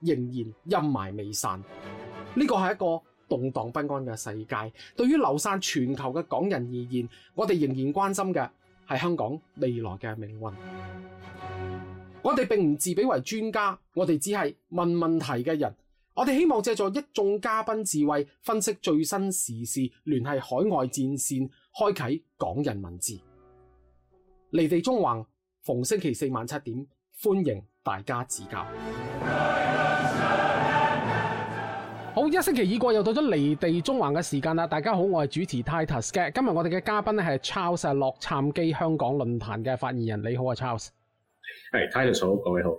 仍然陰霾未散，呢個係一個動盪不安嘅世界。對於流散全球嘅港人而言，我哋仍然關心嘅係香港未來嘅命運。我哋並唔自比為專家，我哋只係問問題嘅人。我哋希望借助一眾嘉賓智慧，分析最新時事，聯繫海外戰線，開啟港人文字離地縱橫，逢星期四晚七點，歡迎大家指教。好，一星期已過，又到咗離地縱橫嘅時間啦！大家好，我係主持 Titus 嘅，今日我哋嘅嘉賓咧係 Charles，係洛杉磯香港論壇嘅發言人。你好啊，Charles，係、hey, Titus 好，各位好，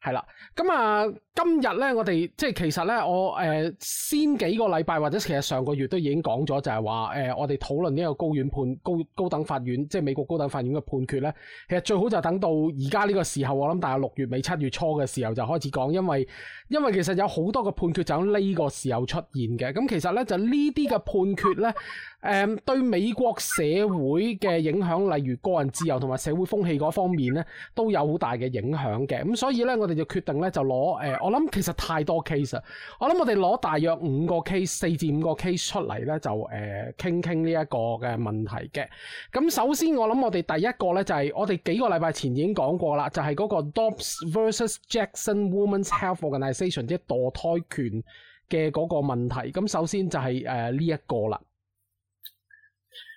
係啦，咁啊。今日呢，我哋即係其實呢，我、呃、先幾個禮拜，或者其實上個月都已經講咗，就係話、呃、我哋討論呢個高院判高高等法院，即係美國高等法院嘅判決呢，其實最好就等到而家呢個時候，我諗大概六月尾、七月初嘅時候就開始講，因為因為其實有好多個判決就喺呢個時候出現嘅。咁其實呢，就呢啲嘅判決呢、呃，對美國社會嘅影響，例如個人自由同埋社會風氣嗰方面呢，都有好大嘅影響嘅。咁所以呢，我哋就決定呢，就攞、呃我諗其實太多 case 啦，我諗我哋攞大約五個 case，四至五個 case 出嚟咧，就誒，傾傾呢一個嘅問題嘅。咁首先我諗我哋第一個咧就係我哋幾個禮拜前已經講過啦，就係嗰個 Dobbs versus Jackson Women's Health Organization 即係墮胎權嘅嗰個問題。咁首先就係誒呢一個啦。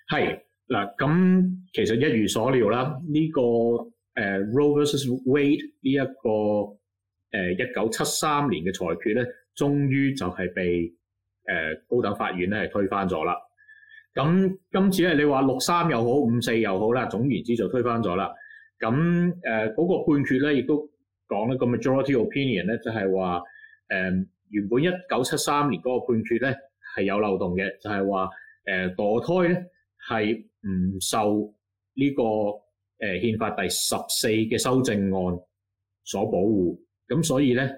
係，嗱，咁其實一如所料啦，呢個誒 Roe versus Wade 呢一個。誒一九七三年嘅裁決咧，終於就係被、uh, 高等法院咧推翻咗啦。咁今次咧，你話六三又好，五四又好啦，總而言之就推翻咗啦。咁誒嗰個判決咧，亦都講個咁嘅 majority opinion 咧，就係話誒原本一九七三年嗰個判決咧係有漏洞嘅，就係話誒墮胎咧係唔受呢、這個誒、uh, 憲法第十四嘅修正案所保護。咁所以咧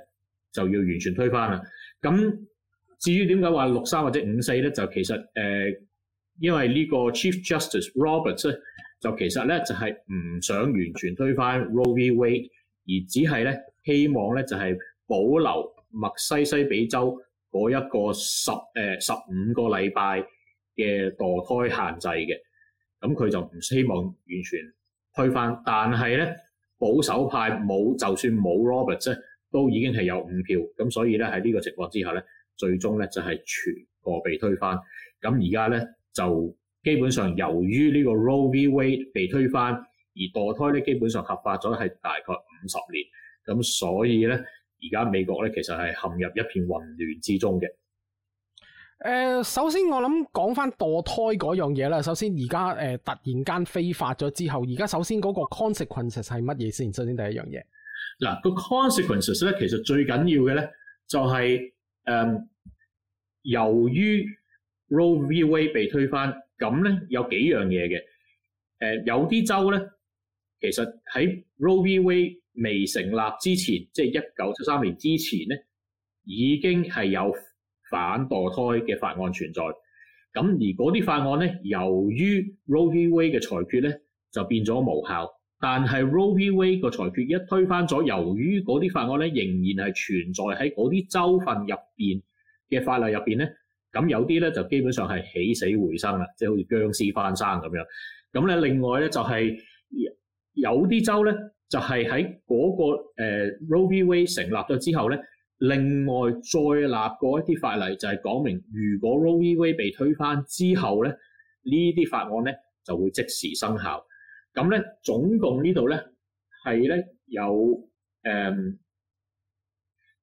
就要完全推翻啦。咁至於點解話六三或者五四咧，就其實誒、呃，因為呢個 Chief Justice Roberts 咧，就其實咧就係、是、唔想完全推翻 Roe v. Wade，而只係咧希望咧就係、是、保留墨西西比州嗰一個十誒十五個禮拜嘅墮胎限制嘅。咁佢就唔希望完全推翻，但係咧。保守派冇就算冇 Roberts 咧，都已經係有五票咁，所以咧喺呢個情況之下咧，最終咧就係全部被推翻。咁而家咧就基本上由於呢個 Roe v Wade 被推翻，而墮胎咧基本上合法咗係大概五十年。咁所以咧，而家美國咧其實係陷入一片混亂之中嘅。誒，首先我諗講翻墮胎嗰樣嘢啦。首先而家誒突然間非法咗之後，而家首先嗰個 consequences 係乜嘢先？首先第一樣嘢，嗱、個 consequences 咧，其實最緊要嘅咧就係、是、誒、嗯、由於 Roe v. Wade 被推翻，咁咧有幾樣嘢嘅。誒，有啲州咧，其實喺 Roe v. Wade 未成立之前，即係一九七三年之前咧，已經係有反墮胎嘅法案存在，咁而嗰啲法案咧，由於 Roe v. Wade 嘅裁決咧，就變咗無效。但係 Roe v. Wade 個裁決一推翻咗，由於嗰啲法案咧，仍然係存在喺嗰啲州份入邊嘅法律入邊咧，咁有啲咧就基本上係起死回生啦，即係好似僵屍翻生咁樣。咁咧，另外咧就係有啲州咧，就係喺嗰個 Roe v. Wade 成立咗之後咧。另外再立過一啲法例，就係講明，如果 Roe v. Wade 被推翻之後咧，呢啲法案咧就會即時生效。咁咧總共呢度咧係咧有誒、嗯、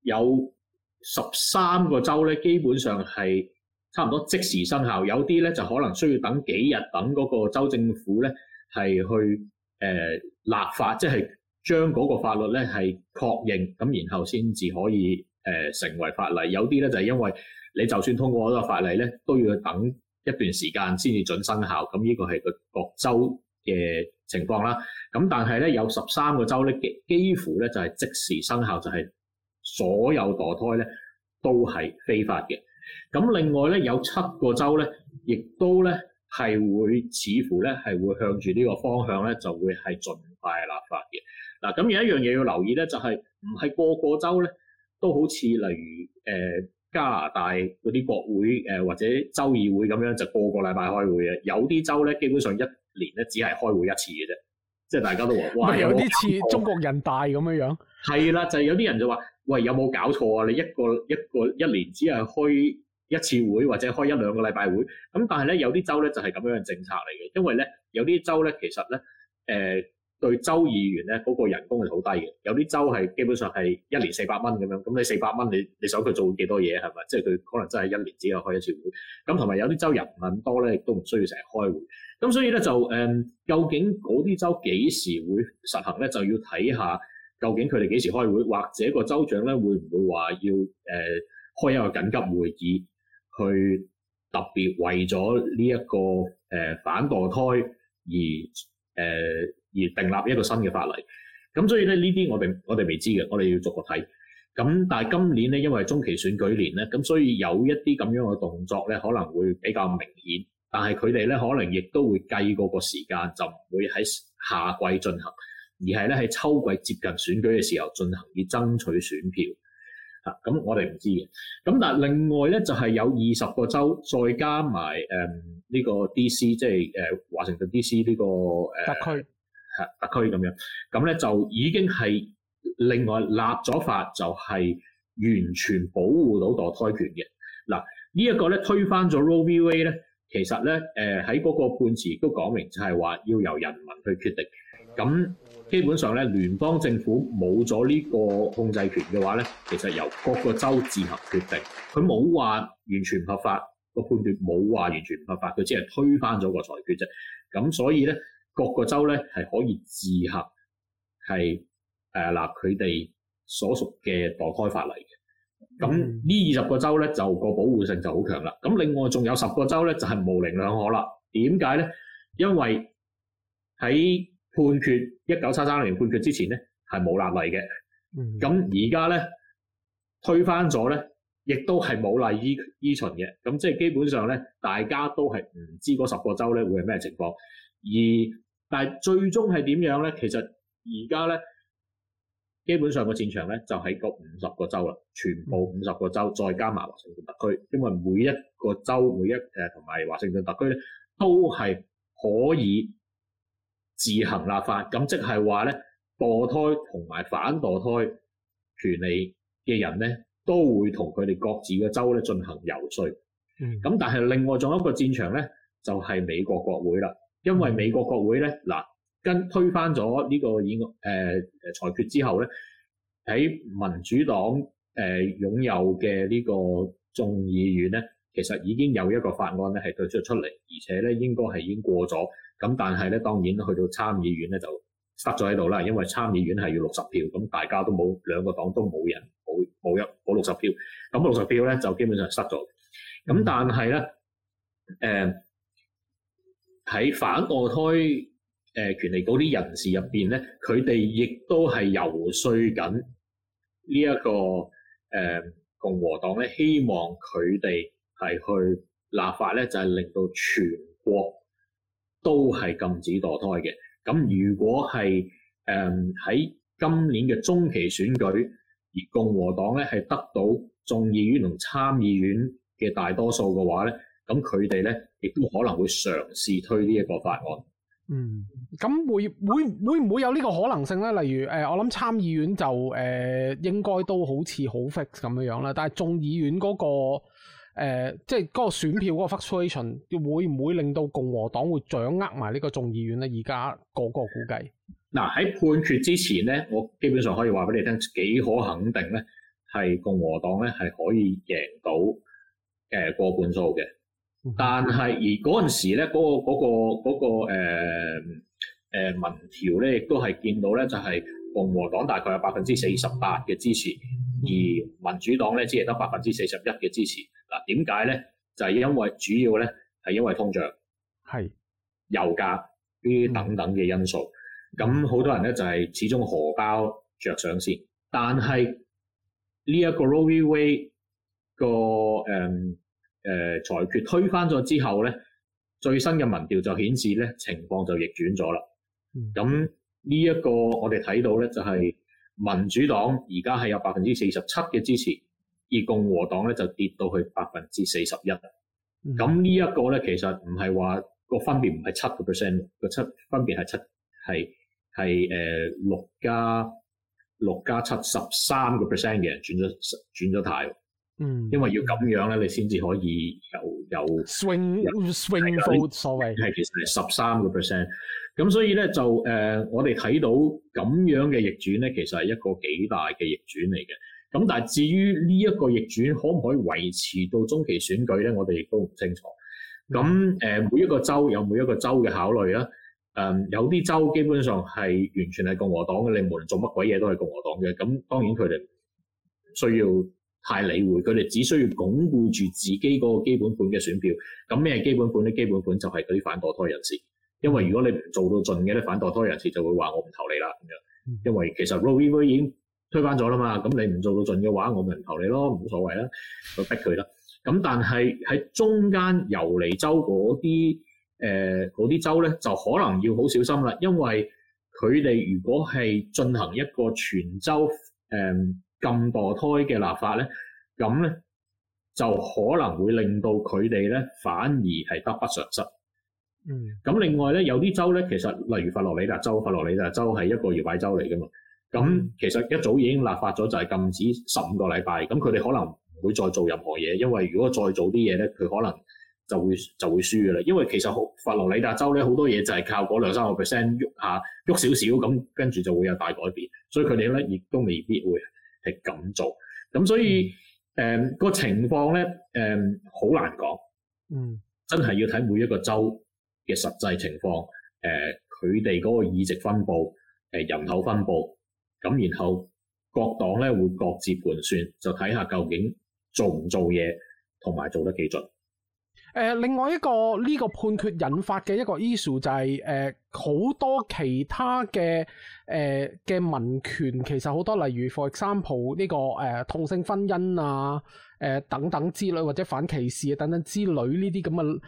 有十三個州咧，基本上係差唔多即時生效。有啲咧就可能需要等幾日，等嗰個州政府咧係去誒、呃、立法，即係。將嗰個法律咧係確認咁，然後先至可以誒、呃、成為法例。有啲咧就係、是、因為你就算通過嗰個法例咧，都要等一段時間先至準生效。咁呢個係個各州嘅情況啦。咁但係咧有十三個州咧，幾乎咧就係、是、即時生效，就係、是、所有墮胎咧都係非法嘅。咁另外咧有七個州咧，亦都咧係會似乎咧係會向住呢個方向咧就會係盡快立法嘅。嗱，咁有一樣嘢要留意咧，就係唔係個個州咧都好似例如誒、呃、加拿大嗰啲國會誒、呃、或者州議會咁樣就個個禮拜開會嘅，有啲州咧基本上一年咧只係開會一次嘅啫，即係大家都話，哇有啲似中國人大咁樣樣，係 啦，就係、是、有啲人就話，喂，有冇搞錯啊？你一個一個一年只係開一次會，或者開一兩個禮拜會，咁但係咧有啲州咧就係、是、咁樣嘅政策嚟嘅，因為咧有啲州咧其實咧誒。呃對州議員咧，嗰、那個人工係好低嘅。有啲州係基本上係一年四百蚊咁樣，咁你四百蚊你你想佢做幾多嘢係咪？即係佢可能真係一年只有開一次會。咁同埋有啲州人唔係咁多咧，亦都唔需要成日開會。咁所以咧就、嗯、究竟嗰啲州幾時會實行咧，就要睇下究竟佢哋幾時開會，或者個州長咧會唔會話要誒、呃、開一個緊急會議，去特別為咗呢一個誒、呃、反墮胎而誒。呃而訂立一個新嘅法例，咁所以咧呢啲我哋我哋未知嘅，我哋要逐個睇。咁但係今年咧，因為中期選舉年咧，咁所以有一啲咁樣嘅動作咧，可能會比較明顯。但係佢哋咧可能亦都會計過個時間，就唔會喺夏季進行，而係咧喺秋季接近選舉嘅時候進行，以爭取選票。咁我哋唔知嘅。咁但係另外咧就係、是、有二十個州，再加埋誒呢個 DC，即係誒華盛頓 DC 呢、這個誒。特區。呃特區咁樣，咁咧就已經係另外立咗法，就係完全保護到墮胎權嘅。嗱、啊，這個、呢一個咧推翻咗 Roe v. Wade 呢，咧，其實咧誒喺嗰個判詞都講明，就係話要由人民去決定。咁基本上咧，聯邦政府冇咗呢個控制權嘅話咧，其實由各個州自行決定。佢冇話完全唔合法，個判決冇話完全唔合法，佢只係推翻咗個裁決啫。咁所以咧。各個州咧係可以自行係誒嗱佢哋所屬嘅當開發嚟嘅，咁呢二十個州咧就個保護性就好強啦。咁另外仲有十個州咧就係模棱兩可啦。點解咧？因為喺判決一九七三年判決之前咧係冇立例嘅，咁而家咧推翻咗咧，亦都係冇例依依循嘅。咁即係基本上咧大家都係唔知嗰十個州咧會係咩情況，而但係最終係點樣咧？其實而家咧，基本上個戰場咧就喺個五十個州啦，全部五十個州，再加埋華盛頓特區，因為每一個州、每一個誒同埋華盛頓特區咧，都係可以自行立法。咁即係話咧，墮胎同埋反墮胎權利嘅人咧，都會同佢哋各自嘅州咧進行遊說。咁、嗯、但係另外仲有一個戰場咧，就係、是、美國國會啦。因為美國國會咧，嗱跟推翻咗呢、這個演、呃、裁決之後咧，喺民主黨誒擁有嘅呢個眾議院咧，其實已經有一個法案咧係推出出嚟，而且咧應該係已經過咗。咁但係咧，當然去到參議院咧就塞咗喺度啦，因為參議院係要六十票，咁大家都冇兩個黨都冇人冇冇一冇六十票，咁六十票咧就基本上塞咗。咁但係咧，誒、呃。喺反墮胎誒權利嗰啲人士入邊咧，佢哋亦都係游説緊呢一個誒共和黨咧，希望佢哋係去立法咧，就係令到全國都係禁止墮胎嘅。咁如果係誒喺今年嘅中期選舉，而共和黨咧係得到眾議院同參議院嘅大多數嘅話咧。咁佢哋咧，亦都可能會嘗試推呢一個法案。嗯，咁會會會唔會有呢個可能性咧？例如，呃、我諗參議院就誒、呃、應該都好似好 fix 咁樣樣啦。但係眾議院嗰個誒，即係嗰個選票嗰個 fluctuation 會唔會令到共和黨會掌握埋呢個眾議院咧？而家個個估計嗱喺判決之前咧，我基本上可以話俾你聽，幾可肯定咧，係共和黨咧係可以贏到誒、呃、過半數嘅。但係而嗰陣時咧，嗰、那個嗰、那個嗰、那個誒、呃呃、民調咧，亦都係見到咧，就係、是、共和黨大概有百分之四十八嘅支持，而民主黨咧只係得百分之四十一嘅支持。嗱、啊，點解咧？就係、是、因為主要咧係因為通脹，係油價呢啲等等嘅因素。咁、嗯、好多人咧就係、是、始終荷包着想先。但係呢一個 Roe v. Wade 個誒。呃誒裁決推翻咗之後咧，最新嘅民調就顯示咧，情況就逆轉咗啦。咁呢一個我哋睇到咧，就係民主黨而家係有百分之四十七嘅支持，而共和黨咧就跌到去百分之四十一。咁呢一個咧，其實唔係話個分別唔係七個 percent，個七分別係七係係誒六加六加七，十三個 percent 嘅人轉咗轉咗態。嗯，因為要咁樣咧，你先至可以有有 swing swing 無所謂，係其實係十三個 percent，咁所以咧就誒、呃，我哋睇到咁樣嘅逆轉咧，其實係一個幾大嘅逆轉嚟嘅。咁但係至於呢一個逆轉可唔可以維持到中期選舉咧，我哋亦都唔清楚。咁誒、呃，每一個州有每一個州嘅考慮啦。誒、呃，有啲州基本上係完全係共和黨嘅，你無論做乜鬼嘢都係共和黨嘅。咁當然佢哋需要，太理會，佢哋只需要鞏固住自己個基本盤嘅選票。咁咩基本盤咧？基本盤就係嗰啲反墮胎人士。因為如果你唔做到盡嘅，啲反墮胎人士就會話我唔投你啦咁樣。因為其實羅伊居已經推翻咗啦嘛。咁你唔做到盡嘅話，我咪唔投你咯，唔冇所謂啦，就逼佢啦。咁但係喺中間游離州嗰啲誒嗰啲州咧，就可能要好小心啦，因為佢哋如果係進行一個全州誒。呃禁墮胎嘅立法咧，咁咧就可能會令到佢哋咧反而係得不償失。嗯。咁另外咧，有啲州咧，其實例如佛羅里達州、佛羅里達州係一個搖擺州嚟噶嘛。咁其實一早已經立法咗，就係、是、禁止十五個禮拜。咁佢哋可能唔會再做任何嘢，因為如果再做啲嘢咧，佢可能就會就會輸噶啦。因為其實好佛羅里達州咧好多嘢就係靠嗰兩三個 percent 喐下喐少少咁，跟住就會有大改變。所以佢哋咧亦都未必會。係咁做，咁所以誒、嗯嗯嗰個情況咧，誒、嗯、好難講，嗯，真係要睇每一個州嘅實際情況，誒佢哋嗰個議席分布、呃，人口分布，咁然後各黨咧會各自盤算，就睇下究竟做唔做嘢，同埋做得幾盡。誒、呃，另外一個呢、這個判決引發嘅一個 issue 就係、是、誒，好、呃、多其他嘅誒嘅民權，其實好多例如 for example，呢個誒同、呃、性婚姻啊、誒、呃、等等之類，或者反歧視、啊、等等之類呢啲咁嘅呢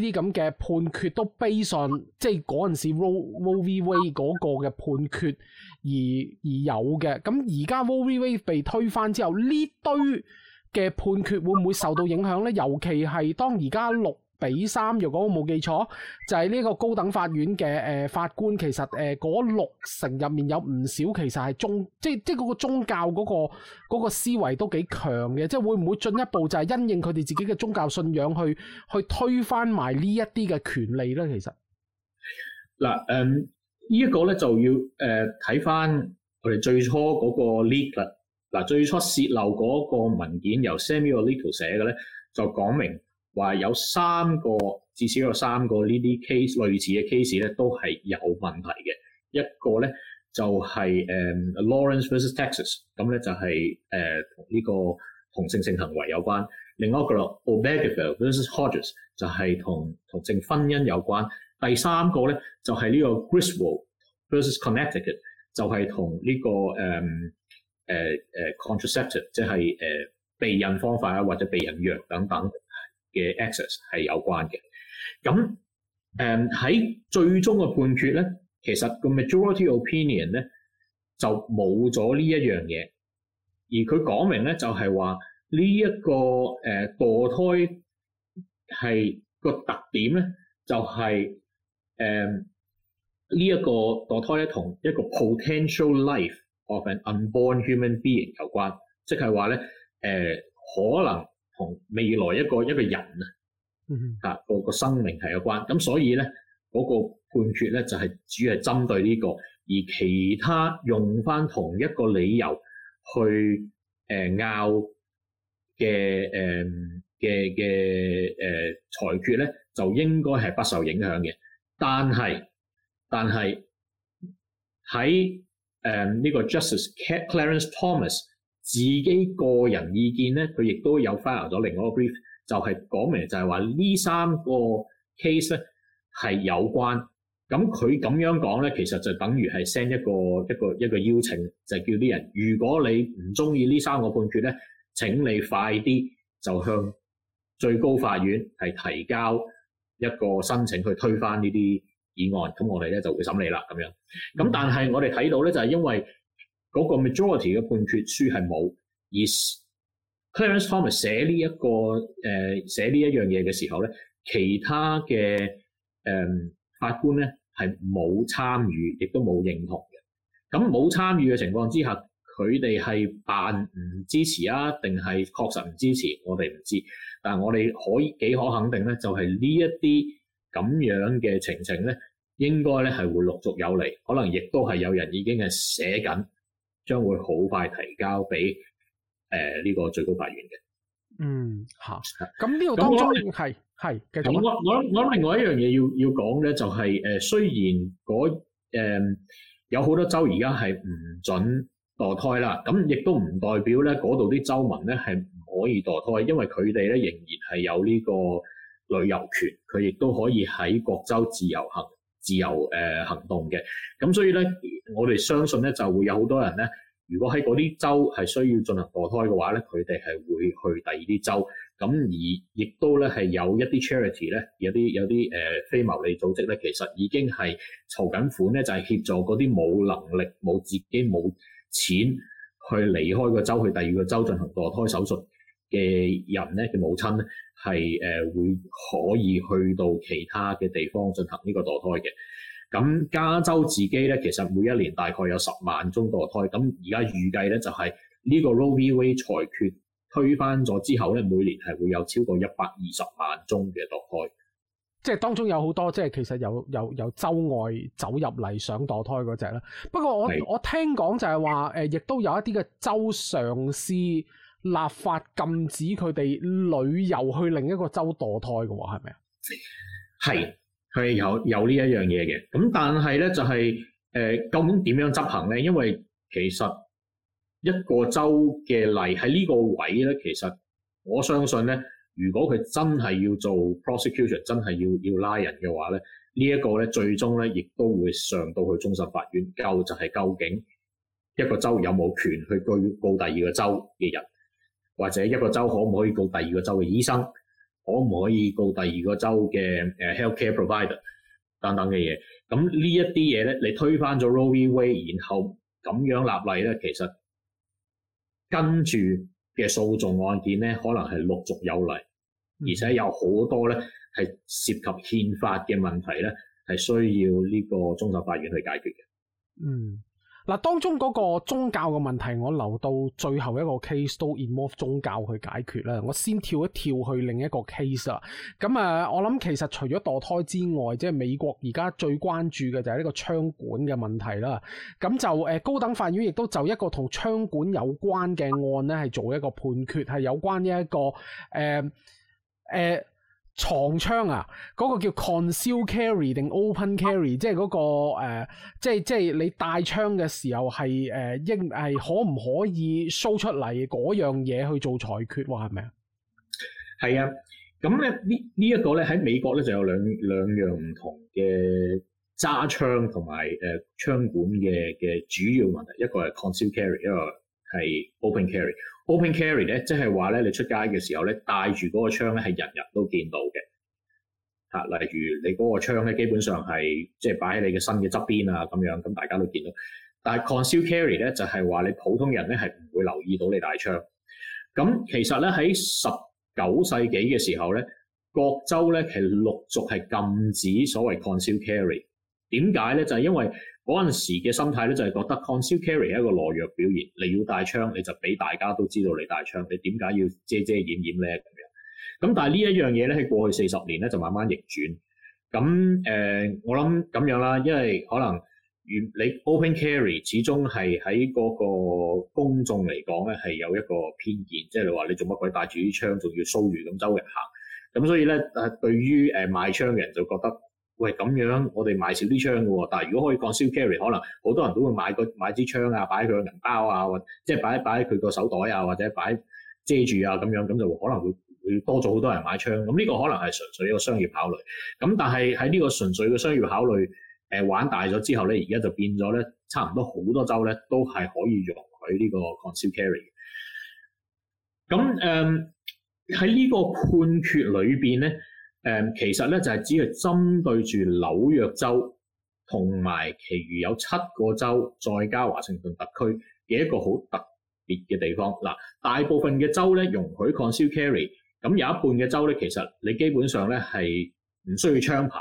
啲咁嘅判決都 based，即係嗰陣時 Roe Roe v Wade 嗰個嘅判決而而有嘅。咁而家 Roe v Wade 被推翻之後，呢堆。嘅判決會唔會受到影響咧？尤其係當而家六比三，如果我冇記錯，就係、是、呢個高等法院嘅誒、呃、法官，其實誒嗰、呃、六成入面有唔少其實係宗，即係即係嗰個宗教嗰、那個那個思維都幾強嘅，即係會唔會進一步就係因應佢哋自己嘅宗教信仰去去推翻埋呢一啲嘅權利咧？其實嗱、啊、誒，呢、嗯、一、這個咧就要誒睇翻我哋最初嗰個 legal。嗱，最初洩漏嗰個文件由 Samuel Alito 寫嘅咧，就講明話有三個，至少有三個呢啲 case 類似嘅 case 咧，都係有問題嘅。一個咧就係、是 um, Lawrence vs Texas，咁咧就係同呢個同性性行為有關；另一個咯，Obergefell vs Hodges 就係同同性婚姻有關；第三個咧就係、是、呢個 Griswold vs Connecticut 就係同呢個、um, 誒、uh, 誒、uh, contraceptive 即係誒、uh, 避孕方法啊，或者避孕藥等等嘅 access 係有關嘅。咁誒喺最終嘅判決咧，其實個 majority opinion 咧就冇咗呢一樣嘢，而佢講明咧就係話呢一個誒墮、呃、胎係個特點咧，就係誒呢一個墮胎咧同一個 potential life。Of an unborn human being 有關，即係話咧，可能同未來一個一個人啊，嚇、嗯、個生命係有關，咁所以咧嗰、那個判決咧就係只係係針對呢、這個，而其他用翻同一個理由去誒拗嘅嘅嘅誒裁決咧，就應該係不受影響嘅。但係但係喺誒、這、呢個 Justice Clarence Thomas 自己個人意見咧，佢亦都有 file 咗另外一個 brief，就係講明就係話呢三個 case 咧係有關。咁佢咁樣講咧，其實就等於係 send 一個一個一個邀請，就係、叫啲人如果你唔中意呢三個判決咧，請你快啲就向最高法院係提交一個申請去推翻呢啲。議案咁我哋咧就會審理啦，咁樣。咁但係我哋睇到咧，就係、是、因為嗰個 majority 嘅判決書係冇，而 Clarence Thomas 寫呢一個寫呢、呃、一樣嘢嘅時候咧，其他嘅誒、呃、法官咧係冇參與，亦都冇認同嘅。咁冇參與嘅情況之下，佢哋係扮唔支持啊，定係確實唔支持？我哋唔知。但係我哋可以幾可肯定咧，就係、是、呢一啲。咁樣嘅情情咧，應該咧係會陸續有嚟，可能亦都係有人已經係寫緊，將會好快提交俾誒呢個最高法院嘅。嗯，嚇。咁呢度當中係係。咁我我我另外一樣嘢要要講咧、就係，就係誒雖然嗰、呃、有好多州而家係唔准墮胎啦，咁亦都唔代表咧嗰度啲州民咧係唔可以墮胎，因為佢哋咧仍然係有呢、這個。旅遊權，佢亦都可以喺各州自由行、自由、呃、行動嘅。咁所以咧，我哋相信咧就會有好多人咧，如果喺嗰啲州係需要進行墮胎嘅話咧，佢哋係會去第二啲州。咁而亦都咧係有一啲 charity 咧，有啲有啲誒、呃、非牟利組織咧，其實已經係籌緊款咧，就係協助嗰啲冇能力、冇自己冇錢去離開個州去第二個州進行墮胎手術嘅人咧嘅母親咧。係誒，會、呃、可以去到其他嘅地方進行呢個墮胎嘅。咁加州自己咧，其實每一年大概有十萬宗墮胎。咁而家預計咧，就係、是、呢個 Roe v. Wade 裁決推翻咗之後咧，每年係會有超過一百二十萬宗嘅墮胎。即係當中有好多，即係其實有有有州外走入嚟想墮胎嗰隻啦。不過我我聽講就係話，誒、呃，亦都有一啲嘅州上司。立法禁止佢哋旅遊去另一個州墮胎嘅喎，係咪啊？係，佢有有一呢一樣嘢嘅。咁但係咧，就係、是、誒、呃，究竟點樣執行咧？因為其實一個州嘅例喺呢個位咧，其實我相信咧，如果佢真係要做 prosecution，真係要要拉人嘅話咧，這個、呢一個咧最終咧，亦都會上到去終審法院，就係、是、究竟一個州有冇權去告告第二個州嘅人？或者一個州可唔可以告第二個州嘅醫生，可唔可以告第二個州嘅誒 healthcare provider 等等嘅嘢？咁呢一啲嘢咧，你推翻咗 Roe v Wade，然後咁樣立例咧，其實跟住嘅訴訟案件咧，可能係陸續有嚟，而且有好多咧係涉及憲法嘅問題咧，係需要呢個終審法院去解決嘅。嗯。嗱，當中嗰個宗教嘅問題，我留到最後一個 case 都 involve 宗教去解決啦。我先跳一跳去另一個 case 啦。咁啊，我諗其實除咗墮胎之外，即係美國而家最關注嘅就係呢個槍管嘅問題啦。咁就誒、呃，高等法院亦都就一個同槍管有關嘅案咧，係做一個判決，係有關呢、這、一個誒誒。呃呃藏槍啊，嗰、那個叫 conceal carry 定 open carry，即係嗰個誒，即係、那個呃、即係你帶槍嘅時候係誒應係可唔可以 show 出嚟嗰樣嘢去做裁決？係咪啊？係啊，咁咧呢呢一個咧喺美國咧就有兩兩樣唔同嘅揸槍同埋誒槍管嘅嘅主要問題，一個係 conceal carry，一個。係 open carry，open carry 咧，即係話咧，你出街嘅時候咧，帶住嗰個槍咧，係人人都見到嘅。嚇，例如你嗰個槍咧，基本上係即係擺喺你嘅身嘅側邊啊，咁樣咁大家都見到。但係 conceal carry 咧，就係話你普通人咧係唔會留意到你帶槍。咁其實咧喺十九世紀嘅時候咧，各州咧其實陸續係禁止所謂 conceal carry。點解咧？就係因為嗰陣時嘅心態咧，就係覺得 concealed carry 係一個懦弱表現。你要帶槍，你就俾大家都知道你帶槍。你點解要遮遮掩掩咧？咁咁，但係呢一樣嘢咧，喺過去四十年咧，就慢慢逆轉。咁誒、呃，我諗咁樣啦，因為可能如你 open carry 始終係喺嗰個公眾嚟講咧，係有一個偏見，即係你話你做乜鬼帶住啲槍，仲要騷擾咁周圍行。咁所以咧，對於誒賣槍嘅人就覺得，喂，咁樣我哋買少啲槍嘅，但係如果可以 conceal carry，可能好多人都會買個買支槍啊，擺喺佢個銀包啊，或者即係擺一擺喺佢個手袋啊，或者擺遮住啊，咁樣咁就可能會會多咗好多人買槍。咁呢個可能係純粹一個商業考慮。咁但係喺呢個純粹嘅商業考慮，誒、呃、玩大咗之後咧，而家就變咗咧，差唔多好多州咧都係可以用佢呢個 conceal carry。咁誒喺呢個判決裏邊咧，其實咧就係、是、只係針對住紐約州同埋其餘有七個州，再加華盛頓特區嘅一個好特別嘅地方。嗱、呃，大部分嘅州咧容許 conceal carry，咁有一半嘅州咧，其實你基本上咧係唔需要槍牌，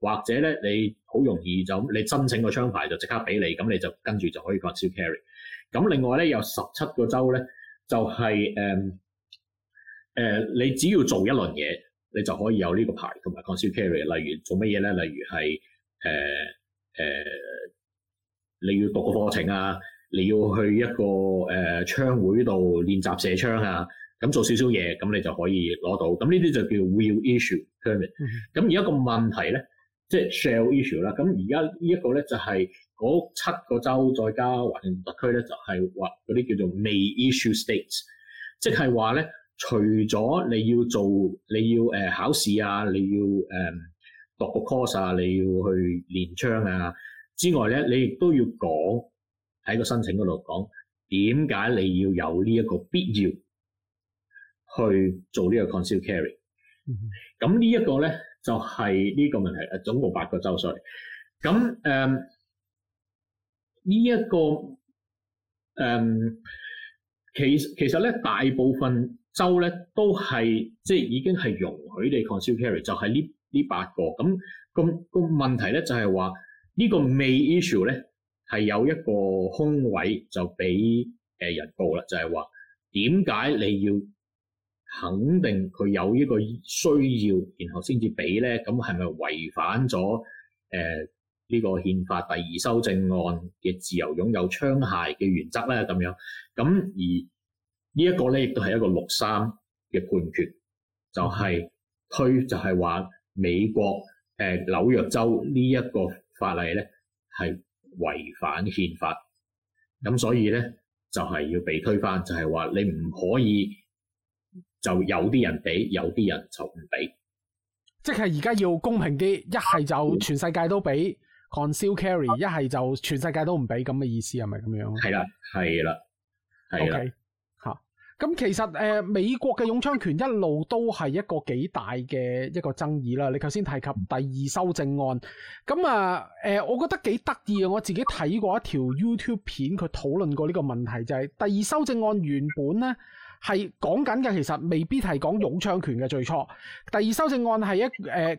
或者咧你好容易就你申請個槍牌就即刻俾你，咁你就跟住就可以 conceal carry。咁另外咧有十七個州咧，就係、是、誒、呃呃、你只要做一輪嘢。你就可以有呢個牌同埋 concealed carry，例如做乜嘢咧？例如係誒誒，你要讀個課程啊，你要去一個誒、呃、窗會度練習射槍啊，咁做少少嘢，咁你就可以攞到。咁呢啲就叫 will issue，permit。咁、嗯、而家個問題咧，即係 shall issue 啦。咁而家呢一個咧就係嗰七個州再加華盛頓特區咧，就係話嗰啲叫做未 issue states，即係話咧。除咗你要做你要誒、呃、考試啊，你要誒、嗯、讀個 course 啊，你要去練槍啊之外咧，你亦都要講喺個申請嗰度講點解你要有呢一個必要去做呢個 conceal carry。咁、嗯、呢一個咧就係、是、呢個問題，總共八個州歲咁，誒呢一個誒其、嗯、其實咧大部分。州咧都係即係已經係容許你 conceal carry，就係呢呢八個咁咁、那個、個問題咧就係、是、話、這個、呢個 may issue 咧係有一個空位就俾人報啦，就係話點解你要肯定佢有呢個需要，然後先至俾咧？咁係咪違反咗誒呢個憲法第二修正案嘅自由擁有槍械嘅原則咧？咁樣咁而。這個、呢一個咧，亦都係一個六三嘅判決，就係、是、推，就係、是、話美國誒紐、呃、約州呢一個法例咧係違反憲法，咁所以咧就係、是、要被推翻，就係、是、話你唔可以就有啲人俾，有啲人就唔俾，即係而家要公平啲，一係就全世界都俾，Conceal Carry，一、啊、係就全世界都唔俾咁嘅意思係咪咁樣？係啦，係啦，係啦，OK。咁其實、呃、美國嘅擁槍權一路都係一個幾大嘅一個爭議啦。你頭先提及第二修正案，咁啊、呃、我覺得幾得意啊，我自己睇過一條 YouTube 片，佢討論過呢個問題，就係、是、第二修正案原本呢係講緊嘅其實未必係講擁槍權嘅最初。第二修正案係一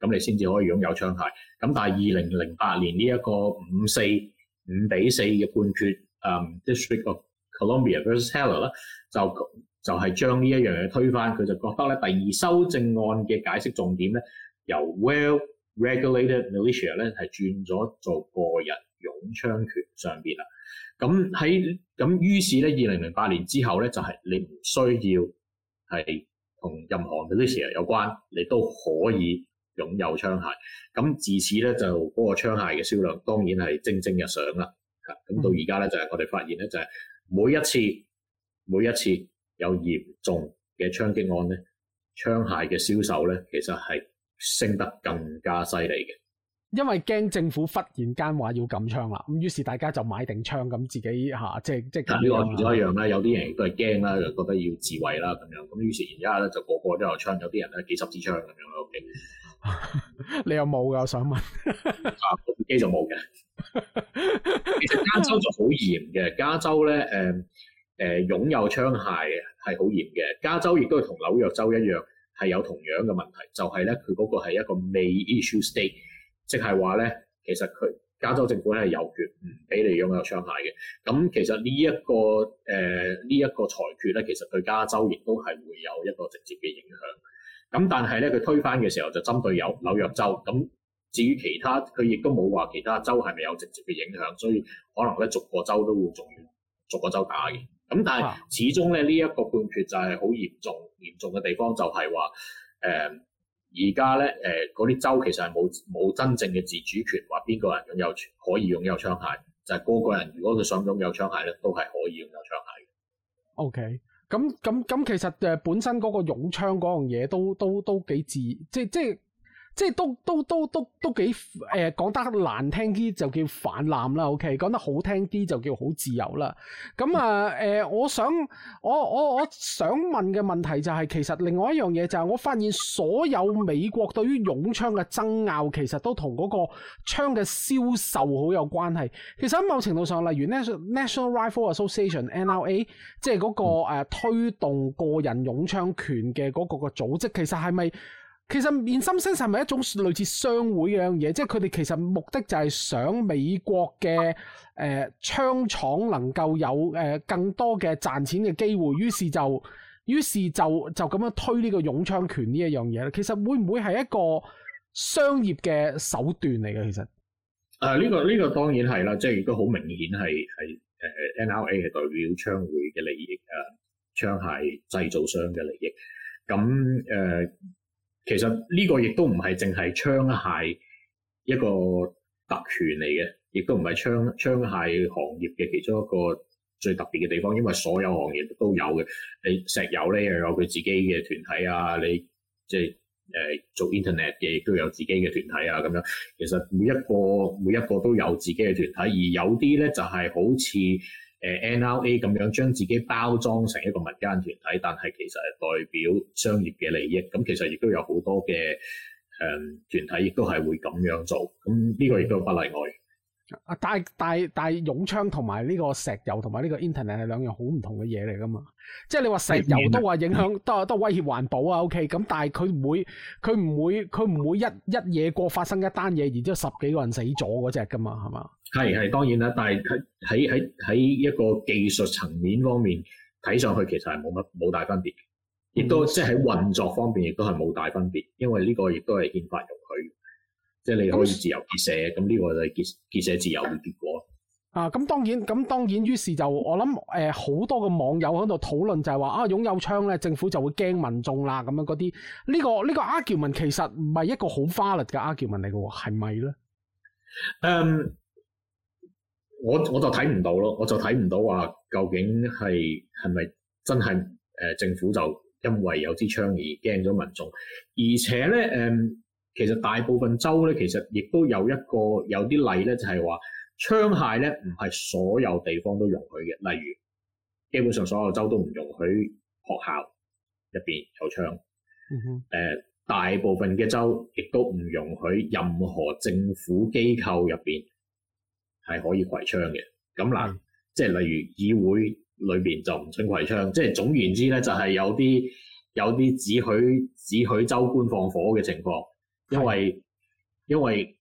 咁你先至可以擁有槍械。咁但係二零零八年呢一個五四五比四嘅判決、um,，District of Columbia vs Heller 呢就就係將呢一樣嘢推翻。佢就覺得咧，第二修正案嘅解釋重點咧，由 Well-regulated militia 咧係轉咗做個人擁槍權上面啦。咁喺咁於是咧，二零零八年之後咧，就係、是、你唔需要係同任何 militia 有關，你都可以。擁有槍械，咁自此咧就嗰個槍械嘅銷量當然係蒸蒸日上啦。嚇、嗯、咁到而家咧就係、是、我哋發現咧就係、是、每一次每一次有嚴重嘅槍擊案咧，槍械嘅銷售咧其實係升得更加犀利嘅。因為驚政府忽然間話要禁槍啦，咁於是大家就買定槍咁自己嚇即係即係。呢、啊就是就是、個唔一樣啦，有啲人都係驚啦，就覺得要自衞啦咁樣咁，於是而家咧就個個都有槍，有啲人咧幾十支槍咁樣喺屋企。嗯你又沒有冇噶？我想問，冇 機、啊、就冇嘅。其實加州就好嚴嘅，加州咧，誒、呃、誒，擁有槍械係好嚴嘅。加州亦都係同紐約州一樣，係有同樣嘅問題，就係、是、咧，佢嗰個係一個 may issue state，即係話咧，其實佢加州政府係有權唔俾你擁有槍械嘅。咁其實呢、這、一個誒呢一個裁決咧，其實對加州亦都係會有一個直接嘅影響。咁但係咧，佢推翻嘅時候就針對有紐約州，咁至於其他佢亦都冇話其他州係咪有直接嘅影響，所以可能咧逐個州都會逐個州打嘅。咁但係始終咧呢一、啊，這個判決就係好嚴重嚴重嘅地方就係話，誒而家咧誒嗰啲州其實係冇冇真正嘅自主權，話邊個人擁有可以擁有槍械，就係、是、個個人如果佢想擁有槍械咧，都係可以擁有槍械嘅。OK。咁咁咁，其實誒本身嗰個擁槍嗰樣嘢都都都幾自然，即即。即係都都都都都幾誒、呃、講得難聽啲就叫泛濫啦，OK？講得好聽啲就叫好自由啦。咁啊、呃呃、我想我我我想問嘅問題就係、是、其實另外一樣嘢就係我發現所有美國對於擁槍嘅爭拗其實都同嗰個槍嘅銷售好有關係。其實喺某程度上，例如 National Rifle Association（NRA） 即係嗰、那個、啊、推動個人擁槍權嘅嗰個個組織，其實係咪？其實面心政策係咪一種類似商會嘅樣嘢？即係佢哋其實目的就係想美國嘅誒、呃、槍廠能夠有誒、呃、更多嘅賺錢嘅機會，於是就，於是就就咁樣推呢個擁槍權呢一樣嘢咧。其實會唔會係一個商業嘅手段嚟嘅？其實誒，呢、這個呢、這個當然係啦，即係亦都好明顯係係誒、呃、NRA 係代表商會嘅利益啊，槍械製造商嘅利益。咁誒。呃其實呢個亦都唔係淨係槍械一個特權嚟嘅，亦都唔係槍槍械行業嘅其中一個最特別嘅地方，因為所有行業都有嘅。你石油咧又有佢自己嘅團體啊，你即係、呃、做 Internet 嘅亦都有自己嘅團體啊，咁樣。其實每一個每一個都有自己嘅團體，而有啲咧就係、是、好似，NRA 咁樣將自己包裝成一個民間團體，但係其實係代表商業嘅利益。咁其實亦都有好多嘅誒團體，亦都係會咁樣做。咁呢個亦都不例外。啊！但係但係但係，擁槍同埋呢個石油個同埋呢個 internet 係兩樣好唔同嘅嘢嚟噶嘛？即係你話石油都話影響都都威脅環保啊？OK，咁但係佢唔會佢唔會佢唔會,會一一嘢過發生一單嘢，然之後十幾個人死咗嗰隻噶嘛？係嘛？係係當然啦，但係喺喺喺喺一個技術層面方面睇上去，其實係冇乜冇大分別，亦都、嗯、即係喺運作方面亦都係冇大分別，因為呢個亦都係憲法用佢。即係你可以自由結社，咁呢個就係結結社自由嘅結果。啊，咁當然，咁當然，於是就我諗，誒、呃、好多嘅網友喺度討論就係話啊，擁有槍咧，政府就會驚民眾啦。咁樣嗰啲呢個呢、呢個 argument 其實唔係一個好 valid 嘅 argument 嚟嘅喎，係咪咧？誒、um，我我就睇唔到咯，我就睇唔到話究竟係係咪真係誒、呃、政府就因為有支槍而驚咗民眾，而且咧誒。Um, 其實大部分州咧，其實亦都有一個有啲例咧，就係話槍械咧，唔係所有地方都容許嘅。例如基本上所有州都唔容許學校入面有槍。mm -hmm. 呃。大部分嘅州亦都唔容許任何政府機構入面係可以攜槍嘅。咁嗱，mm -hmm. 即係例如議會裏面就唔準攜槍。即係總言之咧，就係、是、有啲有啲只許只許州官放火嘅情況。因為因為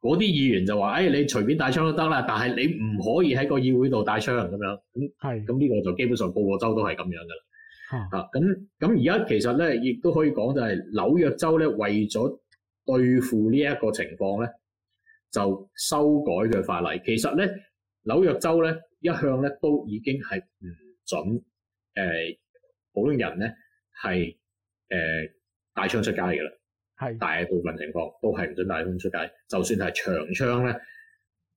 嗰啲議員就話，誒、哎，你隨便帶槍都得啦，但係你唔可以喺個議會度帶槍咁樣。係。咁呢個就基本上個個州都係咁樣噶啦。啊，咁咁而家其實咧，亦都可以講就係紐約州咧，為咗對付呢一個情況咧，就修改嘅法例。其實咧，紐約州咧一向咧都已經係唔准誒、呃，普通人咧係誒帶槍出街噶啦。係大部分情況都係唔准帶槍出街，就算係長槍咧，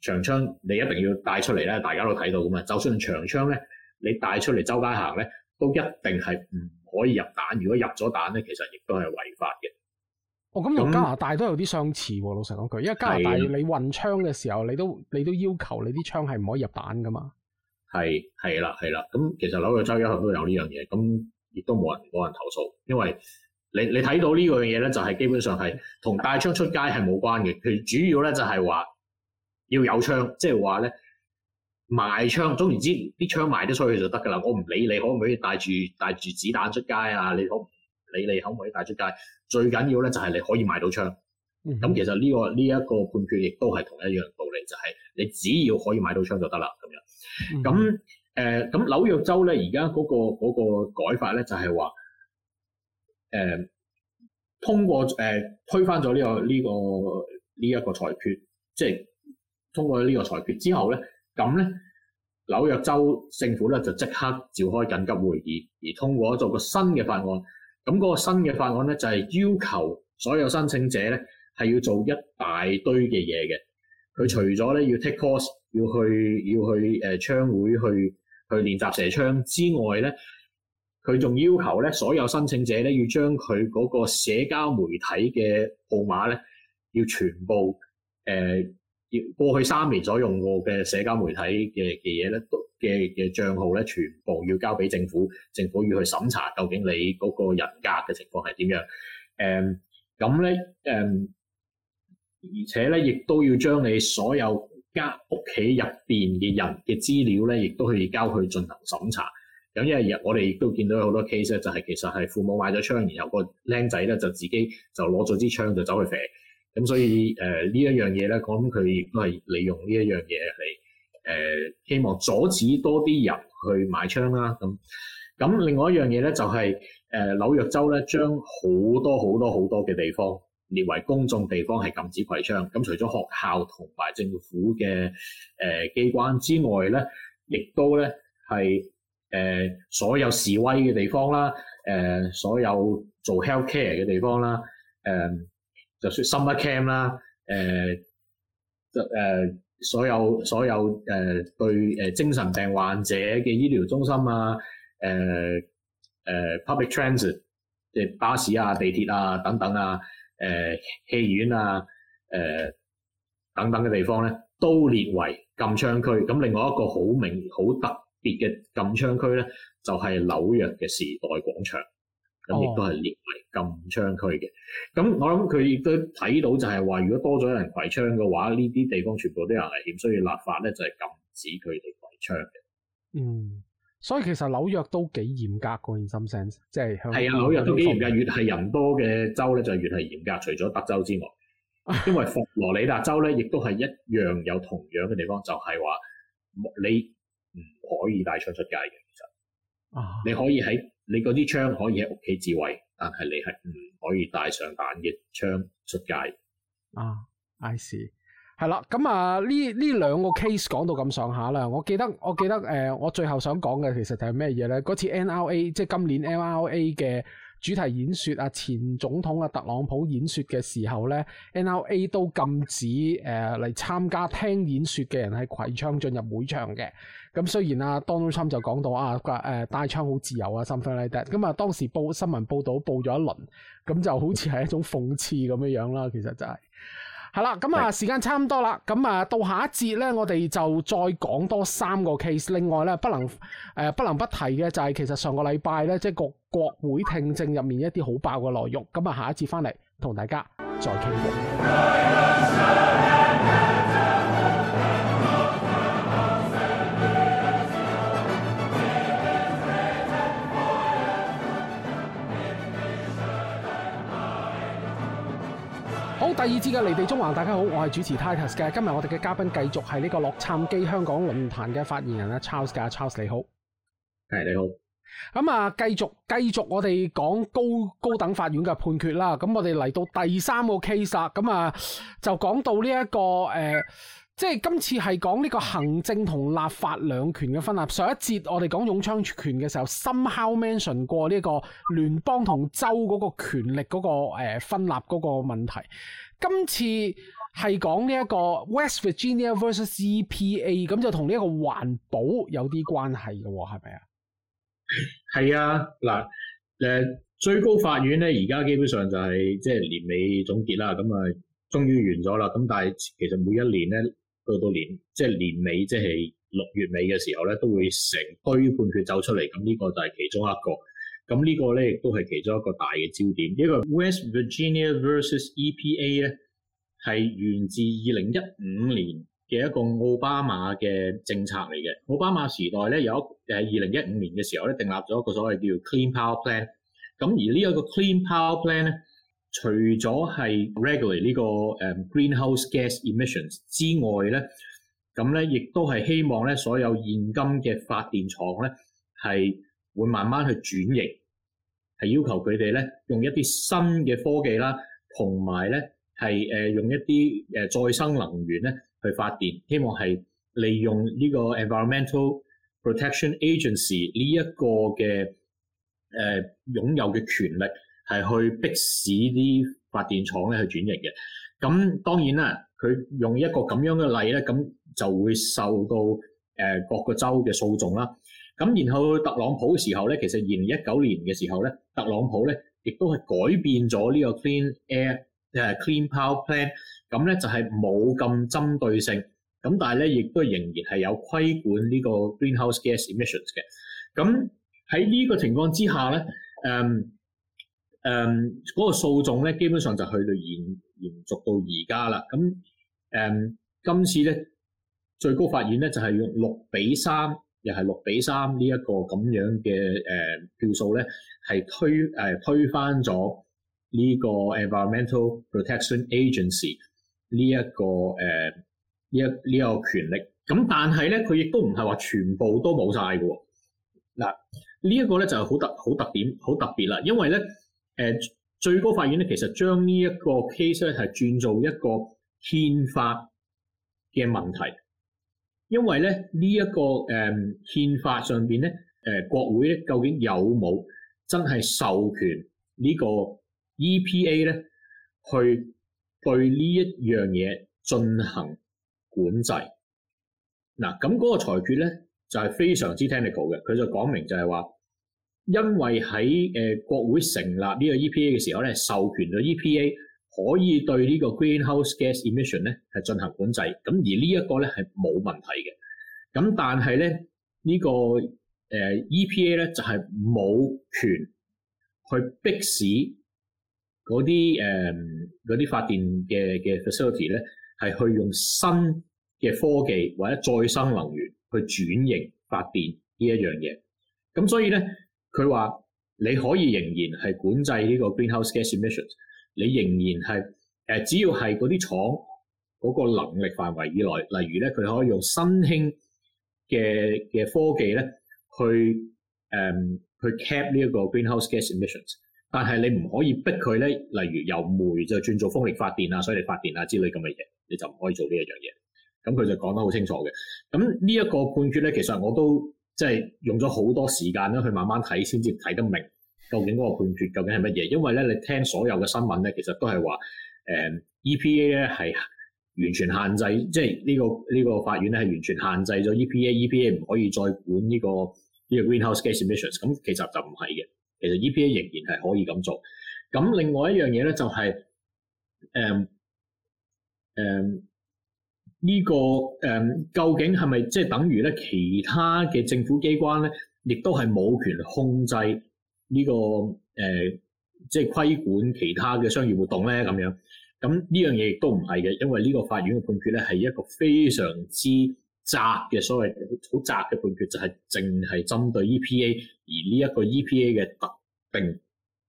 長槍你一定要帶出嚟，咧，大家都睇到噶嘛。就算長槍咧，你帶出嚟周街行咧，都一定係唔可以入彈。如果入咗彈咧，其實亦都係違法嘅。哦，咁由加拿大都有啲相似喎。老實講句，因為加拿大你運槍嘅時候，你都你都要求你啲槍係唔可以入彈噶嘛。係係啦係啦，咁其實紐約州一向都有呢樣嘢，咁亦都冇人冇人投訴，因為。你你睇到呢樣嘢咧，就係基本上係同帶槍出街係冇關嘅。其主要咧就係話要有槍，即係話咧賣槍。總言之，啲槍賣得出去就得噶啦。我唔理你可唔可以帶住帶住子彈出街啊，你可唔理你可唔可以帶出街，最緊要咧就係你可以買到槍。咁、嗯、其實呢、呢個呢一、呢個判決亦都係同一樣道理，就係、是、你只要可以買到槍就得啦。咁樣咁誒咁紐約州咧，而家嗰個嗰、嗰個、改法咧就係話。誒，通過誒、呃、推翻咗呢、這個呢、這個呢一、這個裁決，即係通過呢個裁決之後咧，咁咧紐約州政府咧就即刻召開緊急會議，而通過咗做個新嘅法案。咁嗰個新嘅法案咧就係、是、要求所有申請者咧係要做一大堆嘅嘢嘅。佢除咗咧要 take course，要去要去誒、呃、槍會去去，去練習射槍之外咧。佢仲要求咧，所有申請者咧要將佢嗰個社交媒體嘅號碼咧，要全部誒，要過去三年所用過嘅社交媒體嘅嘅嘢咧，嘅嘅帳號咧，全部要交俾政府，政府要去審查究竟你嗰個人格嘅情況係點樣。誒咁咧誒，而且咧亦都要將你所有家屋企入面嘅人嘅資料咧，亦都可以交去進行審查。咁因為我哋亦都見到好多 case 咧，就係、是、其實係父母買咗槍，然後個僆仔咧就自己就攞咗支槍就走去啡。咁所以誒、呃、呢一樣嘢咧，我諗佢亦都係利用呢一樣嘢嚟誒希望阻止多啲人去買槍啦。咁咁另外一樣嘢咧就係、是、誒、呃、紐約州咧將好多好多好多嘅地方列為公眾地方係禁止攜槍。咁除咗學校同埋政府嘅誒、呃、機關之外咧，亦都咧係。誒、呃、所有示威嘅地方啦，誒、呃、所有做 health care 嘅地方啦，誒、呃、就算 summer camp 啦、呃，誒、呃、所有所有誒、呃、對精神病患者嘅醫療中心啊，誒、呃呃、public transit 即係巴士啊、地鐵啊等等啊，誒、呃、戲院啊，誒、呃、等等嘅地方咧，都列為禁槍區。咁另外一個好明好特，很別嘅禁槍區咧，就係、是、紐約嘅時代廣場，咁亦都係列為禁槍區嘅。咁、哦、我諗佢亦都睇到就，就係話如果多咗人攜槍嘅話，呢啲地方全部都有危險，所以立法咧就係、是、禁止佢哋攜槍嘅。嗯，所以其實紐約都幾嚴格喎，in some sense，即係係啊，紐約都幾嚴格，越係人多嘅州咧，就越係嚴格。除咗德州之外， 因為佛羅里達州咧，亦都係一樣有同樣嘅地方，就係、是、話你，唔可以帶槍出街嘅，其實，啊、你可以喺你嗰啲槍可以喺屋企自衛，但係你係唔可以帶上彈嘅槍出街。啊，I see，係啦，咁啊呢呢兩個 case 講到咁上下啦，我記得我記得誒、呃，我最後想講嘅其實就係咩嘢咧？嗰次 NRA 即係今年 NRA 嘅。主題演說啊，前總統啊特朗普演說嘅時候咧，NLA 都禁止誒嚟、呃、參加聽演說嘅人係葵槍進入會場嘅。咁雖然啊 Donald Trump 就講到啊，誒、呃、槍好自由啊 s o m e t h a 咁啊當時報新聞報道報咗一輪，咁就好似係一種諷刺咁樣樣啦，其實就係、是。係啦，咁啊時間差唔多啦，咁啊到下一節呢，我哋就再講多三個 case。另外呢，不能誒、呃、不能不提嘅就係其實上個禮拜呢，即係個國會聽證入面一啲好爆嘅內容。咁啊下一節翻嚟同大家再傾。好，第二節嘅離地縱橫，大家好，我係主持 Titus 嘅。今日我哋嘅嘉賓繼續係呢個洛杉磯香港論壇嘅發言人 Charles 嘅 Charles，你好。誒，你好。咁啊，繼續，繼續，繼續我哋講高高等法院嘅判決啦。咁我哋嚟到第三個 case，咁啊就講到呢、這、一個誒。呃即係今次係講呢個行政同立法兩權嘅分立。上一節我哋講擁槍權嘅時候，somehow mention 過呢個聯邦同州嗰個權力嗰、那個誒、呃、分立嗰個問題。今次係講呢一個 West Virginia versus EPA，咁就同呢一個環保有啲關係嘅，哦，係咪啊？係啊，嗱，誒，最高法院咧，而家基本上就係即係年尾總結啦，咁啊，終於完咗啦。咁但係其實每一年咧。到到年，即係年尾，即係六月尾嘅時候咧，都會成堆判決走出嚟，咁呢個就係其中一個。咁呢個咧亦都係其中一個大嘅焦點。呢個 West Virginia versus EPA 咧，係源自二零一五年嘅一個奧巴馬嘅政策嚟嘅。奧巴馬時代咧，有一誒，二零一五年嘅時候咧，訂立咗一個所謂叫 Clean Power Plan。咁而呢一個 Clean Power Plan 咧。，除咗係 regulate 呢個 greenhouse gas emissions 之外咧，咁咧亦都係希望咧所有現今嘅發電廠咧係會慢慢去轉型，係要求佢哋咧用一啲新嘅科技啦，同埋咧係用一啲再生能源咧去發電，希望係利用呢個 environmental protection agency 呢一個嘅誒擁有嘅權力。係去逼使啲發電廠咧去轉型嘅，咁當然啦，佢用一個咁樣嘅例咧，咁就會受到誒各個州嘅訴訟啦。咁然後特朗普嘅時候咧，其實二零一九年嘅時候咧，特朗普咧亦都係改變咗呢個 Clean Air 即係 Clean Power Plan，咁咧就係冇咁針對性，咁但係咧亦都仍然係有規管呢個 Greenhouse Gas Emissions 嘅。咁喺呢個情況之下咧，誒。嗯誒、嗯、嗰、那個訴訟咧，基本上就去到延延續到而家啦。咁誒、嗯，今次咧最高法院咧就係、是、用六比三，又係六比三呢一個咁樣嘅誒票數咧，係推誒、呃、推翻咗呢個 Environmental Protection Agency 呢、這、一個誒呢一呢個權力。咁但係咧，佢亦都唔係話全部都冇晒嘅嗱。呢、這、一個咧就係好特好特點好特別啦，因為咧。誒最高法院咧，其實將呢一個 case 咧係轉做一個憲法嘅問題，因為咧呢一個誒憲法上面，咧誒國會咧究竟有冇真係授權呢個 EPA 咧去對呢一樣嘢進行管制？嗱咁嗰個裁決咧就係非常之 technical 嘅，佢就講明就係話。因為喺誒、呃、國會成立呢個 EPA 嘅時候咧，授權咗 EPA 可以對呢個 greenhouse gas emission 咧係進行管制，咁而這呢一個咧係冇問題嘅。咁但係咧呢、這個誒、呃、EPA 咧就係、是、冇權去迫使嗰啲誒嗰啲發電嘅嘅 facility 咧係去用新嘅科技或者再生能源去轉型發電呢一樣嘢。咁所以咧。佢話：你可以仍然係管制呢個 greenhouse gas emissions，你仍然係只要係嗰啲廠嗰個能力範圍以內，例如咧，佢可以用新興嘅嘅科技咧，去去 cap 呢一個 greenhouse gas emissions。但係你唔可以逼佢咧，例如由煤就轉做風力發電啊，水力發電啊之類咁嘅嘢，你就唔可以做呢一樣嘢。咁佢就講得好清楚嘅。咁呢一個判決咧，其實我都。即係用咗好多時間咧，去慢慢睇先至睇得明究竟嗰個判決究竟係乜嘢。因為咧，你聽所有嘅新聞咧，其實都係話誒 EPA 咧係完全限制，即係呢個呢個法院咧係完全限制咗 EPA，EPA 唔可以再管呢個呢個 Greenhouse Gas emissions。咁其實就唔係嘅，其實 EPA 仍然係可以咁做。咁另外一樣嘢咧就係誒、嗯嗯呢、這個誒、嗯、究竟係咪即係等於咧其他嘅政府機關咧，亦都係冇權控制呢、這個誒，即係規管其他嘅商業活動咧咁樣？咁呢樣嘢亦都唔係嘅，因為呢個法院嘅判決咧係一個非常之窄嘅所謂好窄嘅判決，就係淨係針對 EPA 而呢一個 EPA 嘅特定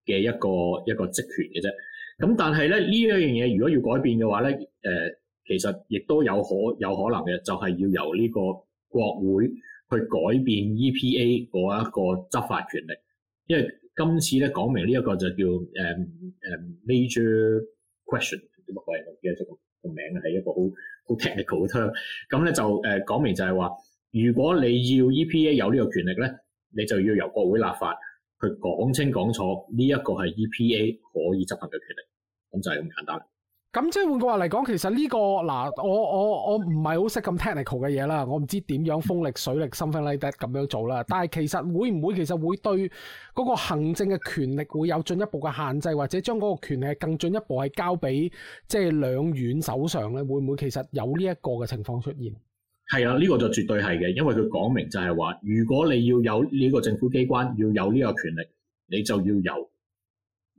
嘅一個一個職權嘅啫。咁但係咧呢一樣嘢如果要改變嘅話咧，誒、呃。其實亦都有可有可能嘅，就係要由呢個國會去改變 EPA 嗰一個執法權力，因為今次咧講明呢一個就叫 um, um, major question，點解我係用呢個名咧？係一個好好 technical term。咁咧就講明就係話，如果你要 EPA 有呢個權力咧，你就要由國會立法去講清講楚呢一個係 EPA 可以執行嘅權力，咁就係咁簡單。咁即係換句話嚟講，其實呢個嗱，我我我唔係好識咁 technical 嘅嘢啦，我唔知點樣風力、水力、something like that 咁樣做啦。但係其實會唔會其實會對嗰個行政嘅權力會有進一步嘅限制，或者將嗰個權力更進一步係交俾即係兩院手上咧？會唔會其實有呢一個嘅情況出現？係啊，呢個就絕對係嘅，因為佢講明就係話，如果你要有呢個政府機關要有呢個權力，你就要有。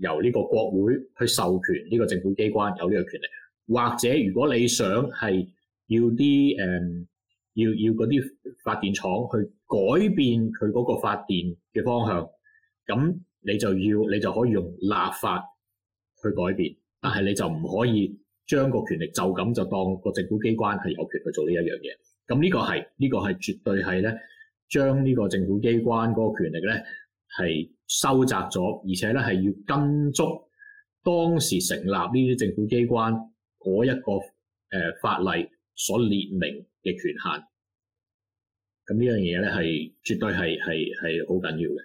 由呢個國會去授權呢個政府機關有呢個權力，或者如果你想係要啲誒、嗯，要要嗰啲發電廠去改變佢嗰個發電嘅方向，咁你就要你就可以用立法去改變，但係你就唔可以將個權力就咁就當個政府機關係有權去做呢一樣嘢。咁呢個係呢個係絕對係咧，將呢個政府機關嗰個權力咧係收窄咗，而且咧係要跟足當時成立呢啲政府機關嗰一個誒、呃、法例所列明嘅權限。咁呢樣嘢咧係絕對係係係好緊要嘅。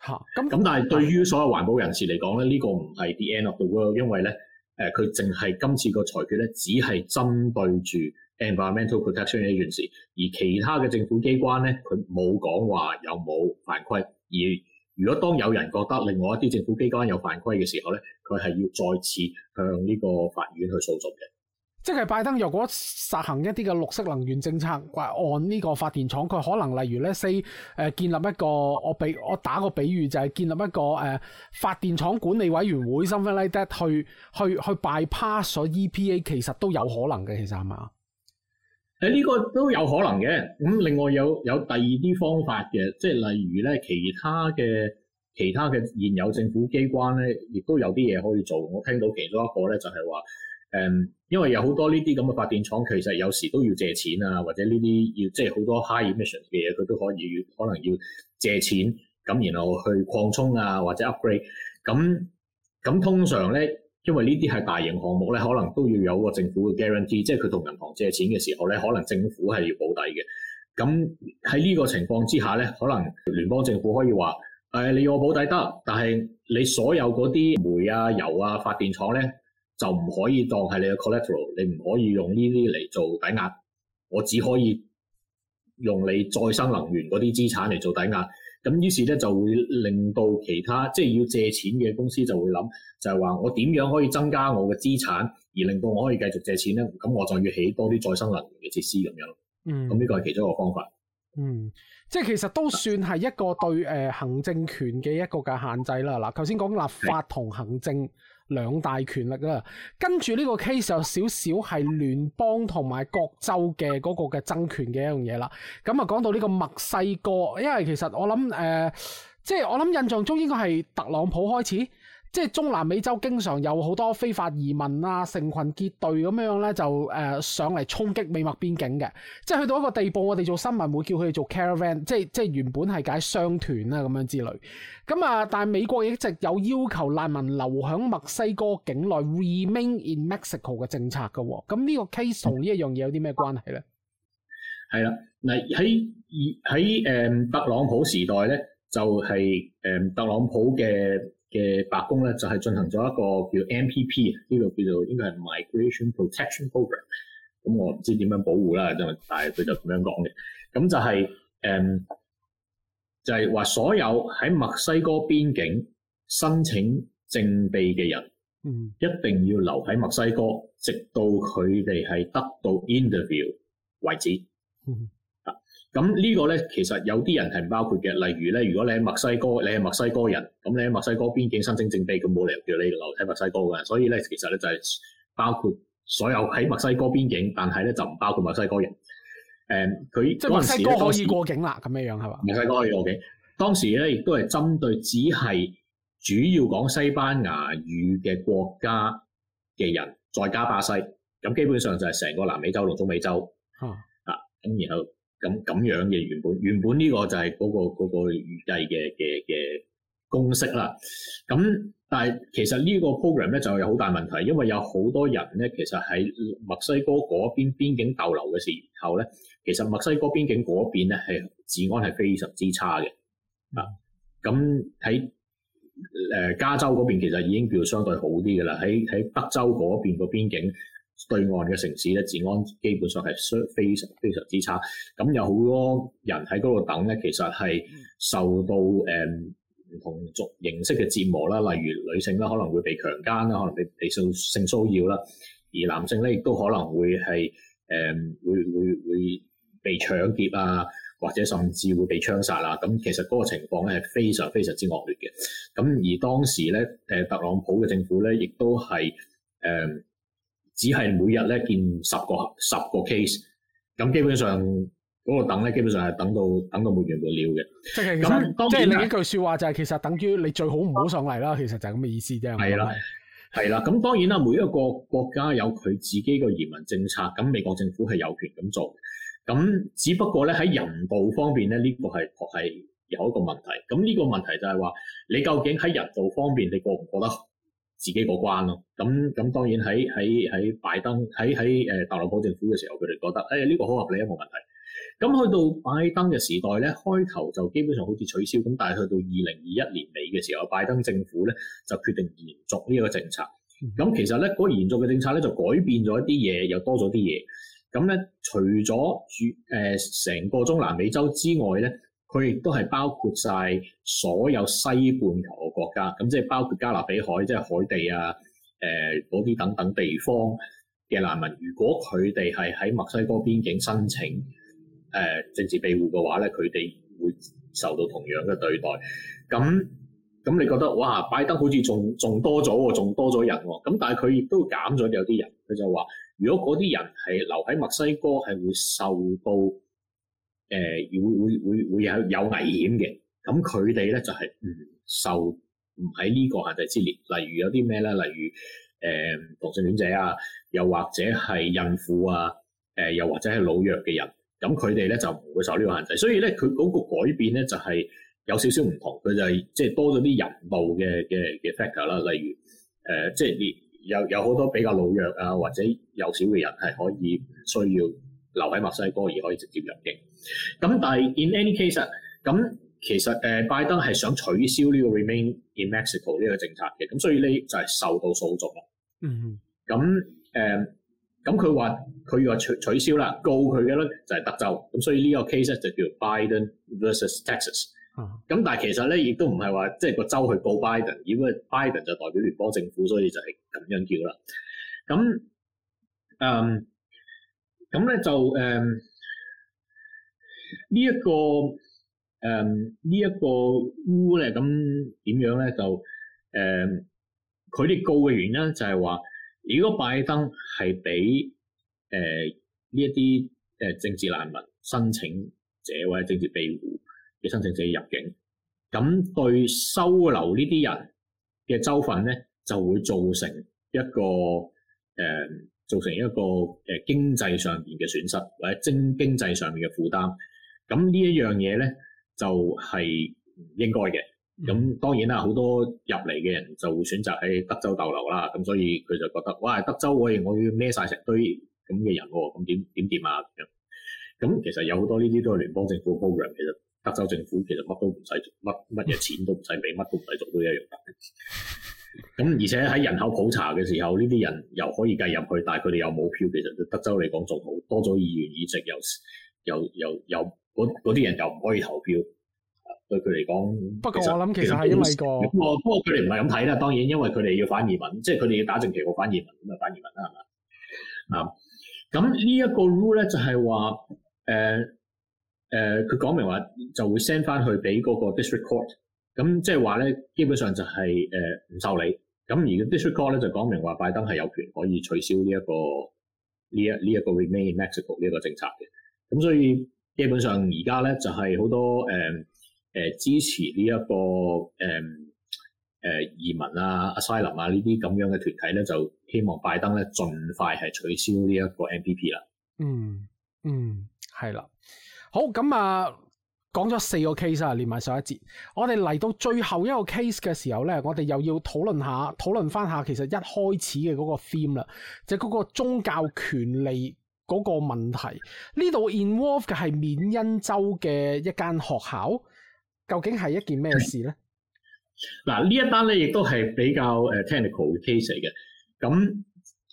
嚇咁，咁，但係對於所有環保人士嚟講咧，呢、呢個唔係 the end of the world，因為咧誒佢淨係今次個裁決咧，只係針對住 environmental protection 呢一段事，而其他嘅政府機關咧，佢冇講話有冇犯規而。如果當有人覺得另外一啲政府機關有犯規嘅時候咧，佢係要再次向呢個法院去訴訟嘅。即係拜登若果實行一啲嘅綠色能源政策，或按呢個發電廠，佢可能例如咧，四、呃、誒建立一個我比我打個比喻就係、是、建立一個誒、呃、發電廠管理委員會、Something like that 去去去 bypass 咗 EPA，其實都有可能嘅，其實係嘛？誒、這、呢個都有可能嘅，咁另外有有第二啲方法嘅，即係例如咧，其他嘅其他嘅現有政府機關咧，亦都有啲嘢可以做。我聽到其中一個咧，就係話誒，因為有好多呢啲咁嘅發電廠，其實有時都要借錢啊，或者呢啲要即係好多 high emission 嘅嘢，佢都可以可能要借錢，咁然後去擴充啊，或者 upgrade，咁咁通常咧。因為呢啲係大型項目咧，可能都要有個政府嘅 guarantee，即係佢同銀行借錢嘅時候咧，可能政府係要保底嘅。咁喺呢個情況之下咧，可能聯邦政府可以話：誒、哎，你要我保底得，但係你所有嗰啲煤啊、油啊、發電廠咧，就唔可以當係你嘅 collateral，你唔可以用呢啲嚟做抵押。我只可以用你再生能源嗰啲資產嚟做抵押。咁於是咧就會令到其他即係要借錢嘅公司就會諗，就係話我點樣可以增加我嘅資產，而令到我可以繼續借錢咧？咁我就要起多啲再生能源嘅設施咁樣。嗯，咁呢個係其中一個方法。嗯，即係其實都算係一個對誒行政權嘅一個嘅限制啦。嗱，頭先講立法同行政。兩大權力啦，跟住呢個 case 有少少係聯邦同埋各州嘅嗰個嘅爭權嘅一樣嘢啦。咁啊講到呢個墨西哥，因為其實我諗，呃，即係我諗印象中應該係特朗普開始。即係中南美洲經常有好多非法移民啊，成群結隊咁樣咧，就誒、呃、上嚟衝擊美墨邊境嘅。即係去到一個地步，我哋做新聞會叫佢哋做 caravan，即係即係原本係解商團啊咁樣之類。咁啊，但係美國一直有要求難民留響墨西哥境內 remain in Mexico 嘅政策嘅。咁呢個 case 同呢一樣嘢有啲咩關係咧？係啦，嗱喺喺誒特朗普時代咧，就係誒特朗普嘅。嘅白宮咧就係、是、進行咗一個叫 MPP，呢個叫做應該係 Migration Protection Program。咁我唔知點樣保護啦，但係佢就咁樣講嘅。咁就係、是、誒、嗯，就係、是、話所有喺墨西哥邊境申請政庇嘅人，嗯，一定要留喺墨西哥，直到佢哋係得到 interview 為止。嗯。咁呢個咧，其實有啲人係唔包括嘅，例如咧，如果你喺墨西哥，你係墨西哥人，咁你喺墨西哥邊境申請政庇，佢冇理由叫你留喺墨西哥㗎。所以咧，其實咧就係、是、包括所有喺墨西哥邊境，但係咧就唔包括墨西哥人。誒、嗯，佢墨，墨西哥可以過境啦，咁咩樣係嘛？墨西哥可以過境。當時咧亦都係針對只係主要講西班牙語嘅國家嘅人，再加巴西。咁基本上就係成個南美洲、南中美洲。嚇啊咁，啊然後。咁咁樣嘅原本原本呢個就係嗰個嗰個預計嘅嘅嘅公式啦。咁但係其實呢個 program 咧就有好大問題，因為有好多人咧其實喺墨西哥嗰邊邊境逗留嘅時候咧，其實墨西哥邊境嗰邊咧係治安係非常之差嘅啊。咁喺、呃、加州嗰邊其實已經叫相對好啲嘅啦。喺喺德州嗰邊個邊境，對岸嘅城市咧治安基本上係非常非常之差，咁有好多人喺嗰度等咧，其實係受到誒唔、嗯、同族形式嘅折磨啦，例如女性啦可能會被強姦啦，可能被被性騷擾啦，而男性咧亦都可能會係誒、嗯、會會會，會被搶劫啊，或者甚至會被槍殺啊，咁其實嗰個情況咧係非常非常之惡劣嘅，咁而當時咧誒特朗普嘅政府咧亦都係誒。嗯只係每日咧見十個十個 case，咁基本上嗰個等咧，基本上係等到等到沒完沒了嘅。咁當然即係另一句說話就係、是，其實等於你最好唔好上嚟啦、啊。其實就係咁嘅意思啫。係啦，係啦。咁當然啦，每一個國家有佢自己嘅移民政策，咁美國政府係有權咁做。咁只不過咧喺人道方面咧，呢、這個係確係有一個問題。咁呢個問題就係話，你究竟喺人道方面你過唔過得好？自己過關咯，咁咁當然喺喺喺拜登喺喺誒特朗普政府嘅時候，佢哋覺得誒呢、哎這個好合理一冇問題。咁去到拜登嘅時代咧，開頭就基本上好似取消，咁但係去到二零二一年尾嘅時候，拜登政府咧就決定延續呢個個政策。咁其實咧，嗰、那個、延續嘅政策咧就改變咗一啲嘢，又多咗啲嘢。咁咧，除咗住誒成個中南美洲之外咧。佢亦都係包括晒所有西半球嘅國家，咁即係包括加勒比海，即係海地啊，誒嗰啲等等地方嘅難民。如果佢哋係喺墨西哥邊境申請誒政治庇護嘅話咧，佢哋會受到同樣嘅對待。咁咁，你覺得哇，拜登好似仲仲多咗喎，仲多咗人喎。咁但係佢亦都減咗有啲人。佢就話，如果嗰啲人係留喺墨西哥，係會受到。誒、呃、會有有危險嘅，咁佢哋咧就係、是、唔受唔喺呢個限制之列。例如有啲咩咧，例如誒同性戀者啊，又或者係孕婦啊，呃、又或者係老弱嘅人，咁佢哋咧就唔會受呢個限制。所以咧，佢嗰個改變咧就係、是、有少少唔同，佢就係即係多咗啲人道嘅嘅嘅 factor 啦。例如誒，即、呃、係、就是、有有好多比較老弱啊，或者幼小嘅人係可以需要。留喺墨西哥而可以直接入境，咁但係 in any case 咁，其實誒拜登係想取消呢個 remain in Mexico 呢個政策嘅，咁所以呢就係受到訴訟啦。嗯，咁誒，咁佢話佢要取取消啦，告佢嘅咧就係德州，咁所以呢個 case 就叫做 Biden versus Texas。咁，嗯，但係其實咧，亦都唔係話即係個州去告 Biden，因為 Biden 就代表聯邦政府，所以就係咁樣叫啦。咁，嗯。咁咧就誒、嗯這個嗯這個、呢一個誒呢一個污咧，咁點樣咧就誒佢哋告嘅原因就係話，如果拜登係俾誒呢一啲政治難民申請者或者政治庇護嘅申請者入境，咁對收留呢啲人嘅州份咧，就會造成一個誒。嗯造成一個誒經濟上邊嘅損失，或者經經濟上面嘅負擔，咁呢一樣嘢咧就係唔應該嘅。咁當然啦，好多入嚟嘅人就會選擇喺德州逗留啦。咁所以佢就覺得哇，德州我我要孭晒成堆咁嘅人喎，咁點點點啊咁樣。咁其實有好多呢啲都係聯邦政府 program，其實德州政府其實乜都唔使做，乜乜嘢錢都唔使俾，乜都唔使做都一樣的。咁而且喺人口普查嘅時候，呢啲人又可以計入去，但係佢哋又冇票。其實喺德州嚟講仲好多咗議員議席，又又又又嗰啲人又唔可以投票。對佢嚟講，不過我諗其實係因為、嗰個不過佢哋唔係咁睇啦，當然因為佢哋要反移民，即係佢哋要打正旗號反移民咁啊，就反移民啦係嘛啊？咁呢一個 rule 咧就係話誒誒，佢、呃、講、呃、明話就會 send 翻去俾嗰個 district court。咁即係話咧，基本上就係誒唔受理。咁而 district court 咧就講明話，拜登係有權可以取消呢、這、一個呢一呢一個 remain in Mexico 呢一個政策嘅。咁所以基本上而家咧就係、是、好多誒、呃呃、支持呢、這、一個誒、呃呃、移民啊、asylum 啊呢啲咁樣嘅團體咧，就希望拜登咧盡快係取消呢一個 MPP 啦。嗯嗯，係啦。好咁啊！講咗四個 case 啊，連埋上，上一節。我哋嚟到最後一個 case 嘅時候咧，我哋又要討論下、討論翻下其實一開始嘅嗰個 theme 啦，就嗰、係、個宗教權利嗰個問題。呢度 involve 嘅係緬因州嘅一間學校，究竟係一件咩事咧？嗱，呢一單咧亦都係比較誒 technical 嘅 case 嚟嘅。咁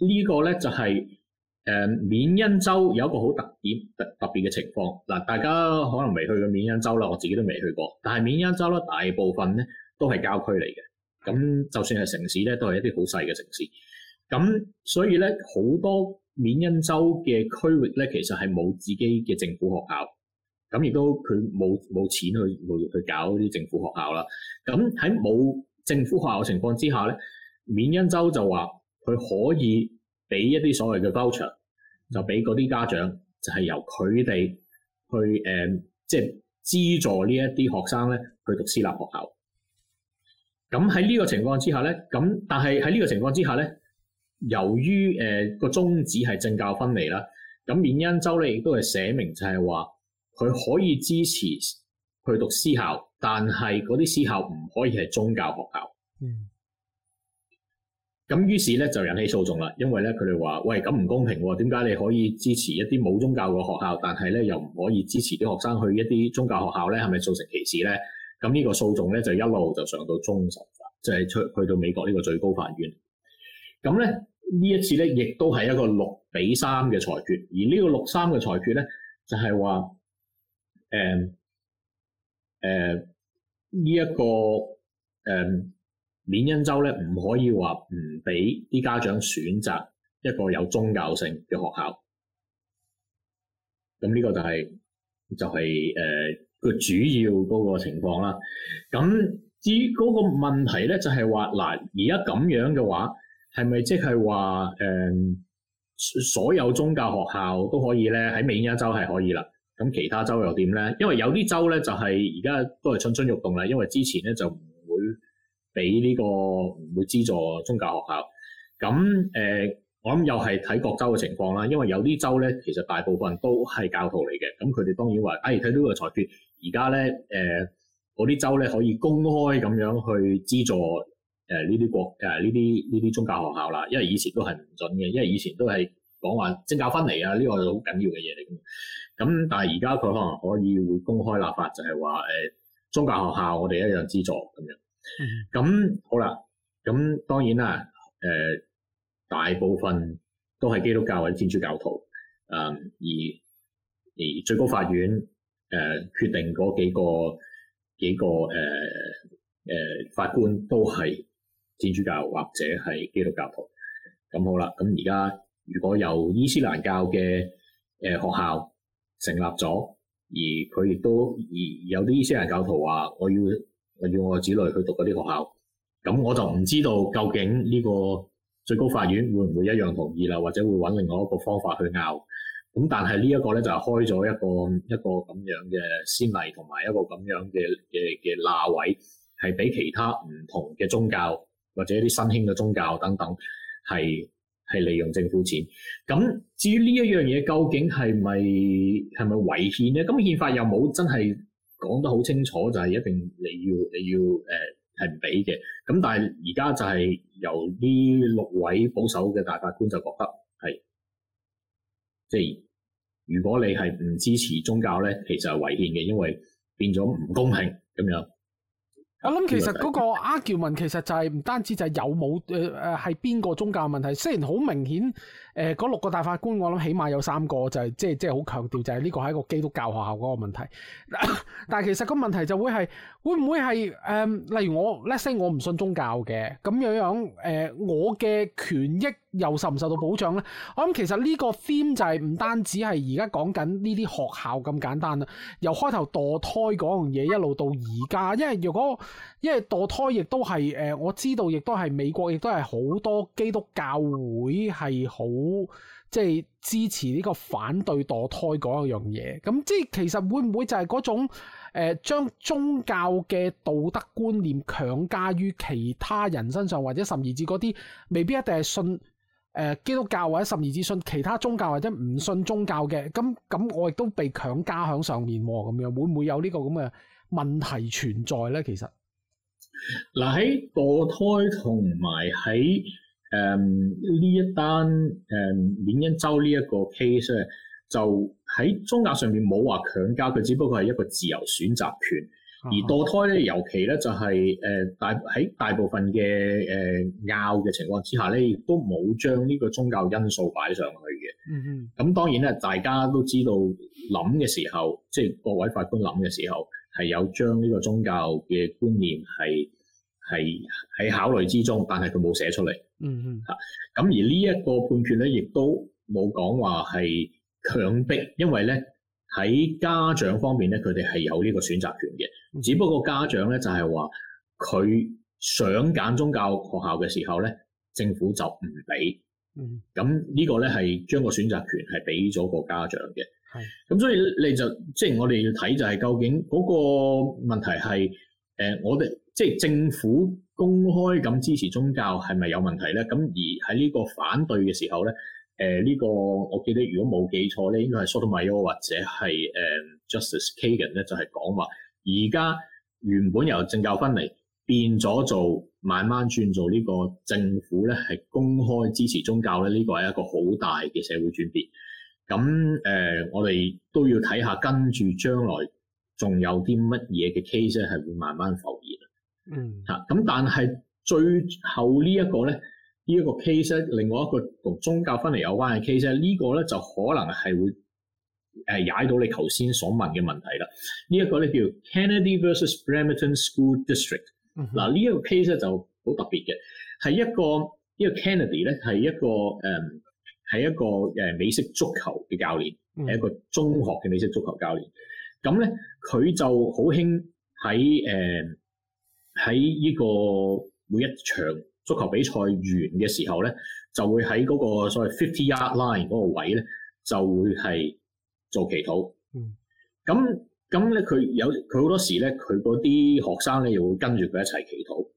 呢個咧就係、係。誒，緬因州有一個好特別特特別嘅情況。嗱，大家可能未去過緬因州啦，我自己都未去過，但係緬因州咧大部分咧都係郊區嚟嘅，咁就算係城市咧，都係一啲好細嘅城市，咁所以咧好多緬因州嘅區域咧，其實係冇自己嘅政府學校，咁亦都佢冇冇錢去去去搞啲政府學校啦，咁喺冇政府學校嘅情況之下咧，緬因州就話佢可以俾一啲所謂嘅 voucher。就俾嗰啲家長，就係由佢哋去誒，即係資助呢一啲學生咧去讀私立學校。咁喺呢個情況之下咧，咁但係喺呢個情況之下咧，由於誒個宗旨係政教分離啦，咁緬因州咧亦都係寫明就係話，佢可以支持去讀私校，但係嗰啲私校唔可以係宗教學校。嗯。咁於是咧就引起訴訟啦，因為咧佢哋話：喂，咁唔公平喎，點解你可以支持一啲冇宗教嘅學校，但係咧又唔可以支持啲學生去一啲宗教學校咧？係咪造成歧視咧？咁呢個訴訟咧就一路就上到終審法，就係、是、出去，去，去到美國呢個最高法院。咁咧呢一次咧，亦都係一個六比三嘅裁決，而呢個六三嘅裁決咧就係、是、話：誒誒呢一個、嗯免恩州咧唔可以話唔俾啲家長選擇一個有宗教性嘅學校，咁呢個就係、是、就係誒個主要嗰個情況啦。咁至於嗰個問題咧，就係話嗱，而家咁樣嘅話，係咪即係話誒所有宗教學校都可以咧喺免恩州係可以啦？咁其他州又點咧？因為有啲州咧就係而家都係蠢蠢欲動啦，因為之前咧就唔會。俾呢、這個唔會資助宗教學校，咁誒、呃，我諗又係睇各州嘅情況啦。因為有啲州咧，其實大部分都係教徒嚟嘅，咁佢哋當然話，哎，睇呢個裁決而家咧，誒嗰啲州咧可以公開咁樣去資助誒呢啲國誒呢啲呢啲宗教學校啦。因為以前都係唔準嘅，因為以前都係講話政教分離啊，呢、這個係好緊要嘅嘢嚟㗎嘛。咁但係而家佢可能可以會公開立法就，就係話誒宗教學校我哋一樣資助咁樣。咁好啦，咁當然啦，誒、呃，大部分都係基督教或者天主教徒，誒、嗯，而而最高法院誒、呃、決定嗰幾個幾個誒誒、呃呃、法官都係天主教或者係基督教徒，咁好啦，咁而家如果有伊斯蘭教嘅誒、呃、學校成立咗，而佢亦都而有啲伊斯蘭教徒話我要。我要我子女去讀嗰啲學校，咁我就唔知道究竟呢個最高法院會唔會一樣同意啦，或者會揾另外一個方法去拗。咁但係呢就開了一個咧就開咗一個一個咁樣嘅先例，同埋一個咁樣嘅嘅嘅罅位，係俾其他唔同嘅宗教或者一啲新興嘅宗教等等，係係利用政府錢。咁至於呢一樣嘢究竟係咪係咪違憲咧？咁憲法又冇真係。講得好清楚，就係、是、一定要你要你要誒係唔俾嘅。咁、呃、但係而家就係由呢六位保守嘅大法官就覺得係，即係如果你係唔支持宗教咧，其實係違憲嘅，因為變咗唔公平咁樣。我諗其實嗰個 argument 其實就係、是、唔單止就係有冇誒誒係邊個宗教嘅問題，雖然好明顯。誒、呃、嗰六個大法官，我諗起碼有三個就係即係即係好強調，就係呢個係一個基督教學校嗰個問題。 但係其實呢個問題就會係會唔會係誒、呃，例如我 Let's say 我唔信宗教嘅，咁樣樣誒、呃，我嘅權益又受唔受到保障呢？我諗其實呢個 theme 就係唔單止係而家講緊呢啲學校咁簡單啦。由開頭墮胎嗰樣嘢一路到而家，因為如果因為墮胎亦都係誒，我知道亦都係美國亦都係好多基督教會係好。即、支持呢個反對墮胎嗰一樣嘢，咁即係其實會唔會就係嗰種誒將宗教嘅道德觀念強加於其他人身上，或者甚至嗰啲未必一定係信誒基督教或者甚至信其他宗教或者唔信宗教嘅，咁咁我亦都被強加喺上面喎咁樣，會唔會有呢個咁嘅問題存在呢？其實嗱喺墮胎同埋喺。誒、嗯、呢一單誒、嗯、緬因州呢一個 case 咧，就喺宗教上面冇話強加佢，只不過係一個自由選擇權。而墮胎咧，尤其咧就係誒大喺大部分嘅誒拗嘅情況之下咧，亦都冇將呢個宗教因素擺上去嘅。嗯嗯。咁當然咧，大家都知道諗嘅時候，即係各位法官諗嘅時候，係有將呢個宗教嘅觀念係。係喺考慮之中，但係佢冇寫出嚟。嗯嗯。嚇、啊，咁而呢一個判決咧，亦都冇講話係強迫，因為咧喺家長方面咧，佢哋係有呢個選擇權嘅、嗯。只不過家長咧就係話，佢想揀宗教學校嘅時候咧，政府就唔俾。嗯。咁呢個咧係將個選擇權係俾咗個家長嘅。係、嗯。咁所以你就即係、就是、我哋要睇就係究竟嗰個問題係、呃、我哋。即係政府公開咁支持宗教係咪有問題咧？咁而喺呢個反對嘅時候咧，呢、呃呢個我記得，如果冇記錯咧，應該係 Sotomayor 或者係、呃、Justice Kagan 咧，就係講話而家原本由政教分離變咗做慢慢轉做呢個政府咧係公開支持宗教咧，呢、呢個係一個好大嘅社會轉變。咁誒、呃，我哋都要睇下跟住將來仲有啲乜嘢嘅 case 係會慢慢浮現。嗯，咁、啊、但係最後呢一個咧，呢、這、一個 case 咧，另外一個同宗教分離有關嘅 case 咧，這個、呢個咧就可能係會誒踩到你頭先所問嘅問題啦。這個、呢一個咧叫 Kennedy vs. Bremerton School District。嗱、嗯，這個、呢一個 case 咧就好特別嘅，係、這個、一個呢個 Kennedy 咧係一個誒係一個美式足球嘅教練，係、嗯、一個中學嘅美式足球教練。咁咧佢就好興喺誒。呃喺呢個每一場足球比賽完嘅時候咧，就會喺嗰個所謂 fifty yard line 嗰個位咧，就會係做祈禱。嗯。咁咁咧，佢有佢好多時咧，佢嗰啲學生咧又會跟住佢一齊祈禱，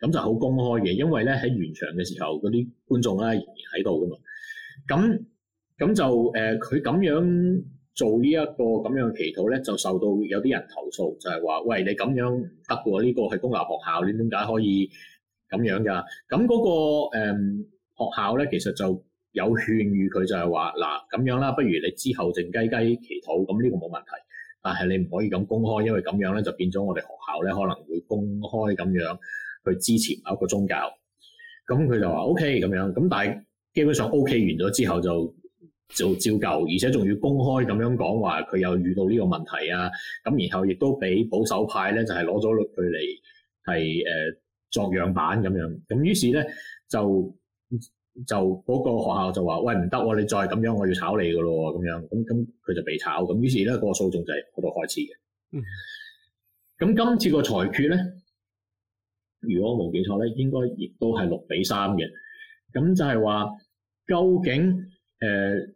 咁就好公開嘅，因為咧喺完場嘅時候嗰啲觀眾咧仍然喺度㗎嘛。咁咁就誒，佢、呃、咁樣。做呢一個咁樣嘅祈禱咧，就受到有啲人投訴，就係話：喂，你咁樣唔得喎，呢個係公立學校，你點解可以咁樣噶？咁嗰個誒學校咧，其實就有勸喻佢，就係話：嗱咁樣啦，不如你之後靜雞雞祈禱，咁呢個冇問題。但係你唔可以咁公開，因為咁樣咧就變咗我哋學校咧可能會公開咁樣去支持某一個宗教。咁佢就話：O K 咁樣。咁但係基本上 OK 完咗之後就。就照舊，而且仲要公開咁樣講話，佢又遇到呢個問題啊！咁然後亦都俾保守派咧，就係攞咗佢嚟係作樣板咁樣。咁於是咧就就嗰個學校就話：喂，唔得喎！你再咁樣，我要炒你噶咯喎！咁樣咁咁，佢就被炒。咁於是咧個訴訟就係嗰度開始嘅。咁、嗯、今次個裁決咧，如果我冇記錯咧，應該亦都係六比三嘅。咁就係話究竟誒？呃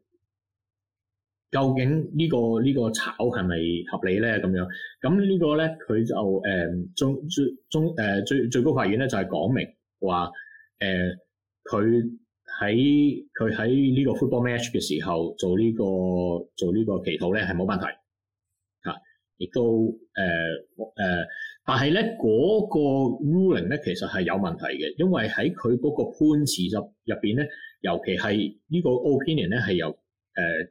究竟、這個這個、炒合理呢樣個？呢個炒係咪合理咧？咁樣咁呢個咧，佢、呃、就中中中、呃、最最高法院咧就係、是、講明話誒佢喺佢喺呢個 football match 嘅時候做呢、這個做呢個祈禱咧係冇問題吓，亦都誒誒，但係咧嗰個 ruling 咧其實係有問題嘅。、啊呃呃那個，因為喺佢嗰個判詞入入邊咧，尤其係呢個 opinion 咧係由誒。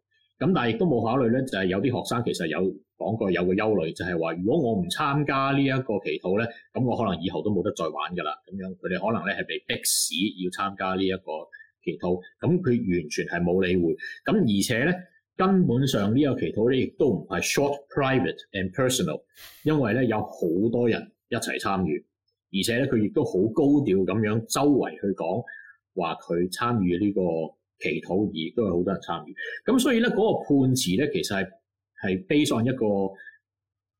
咁但係亦都冇考慮咧，就係、是、有啲學生其實有講過有個憂慮就，就係話如果我唔參加呢一個祈禱咧，咁我可能以後都冇得再玩㗎啦。咁樣佢哋可能咧係被逼使要參加呢一個祈禱，咁佢完全係冇理會。咁而且咧根本上呢個祈禱咧，亦都唔係 short private and personal，因為咧有好多人一齊參與，而且咧佢亦都好高調咁樣周圍去講話佢參與呢、這個。祈禱儀都係好多人參與，咁所以咧嗰，那個判詞咧其實係係 base on 一個誒，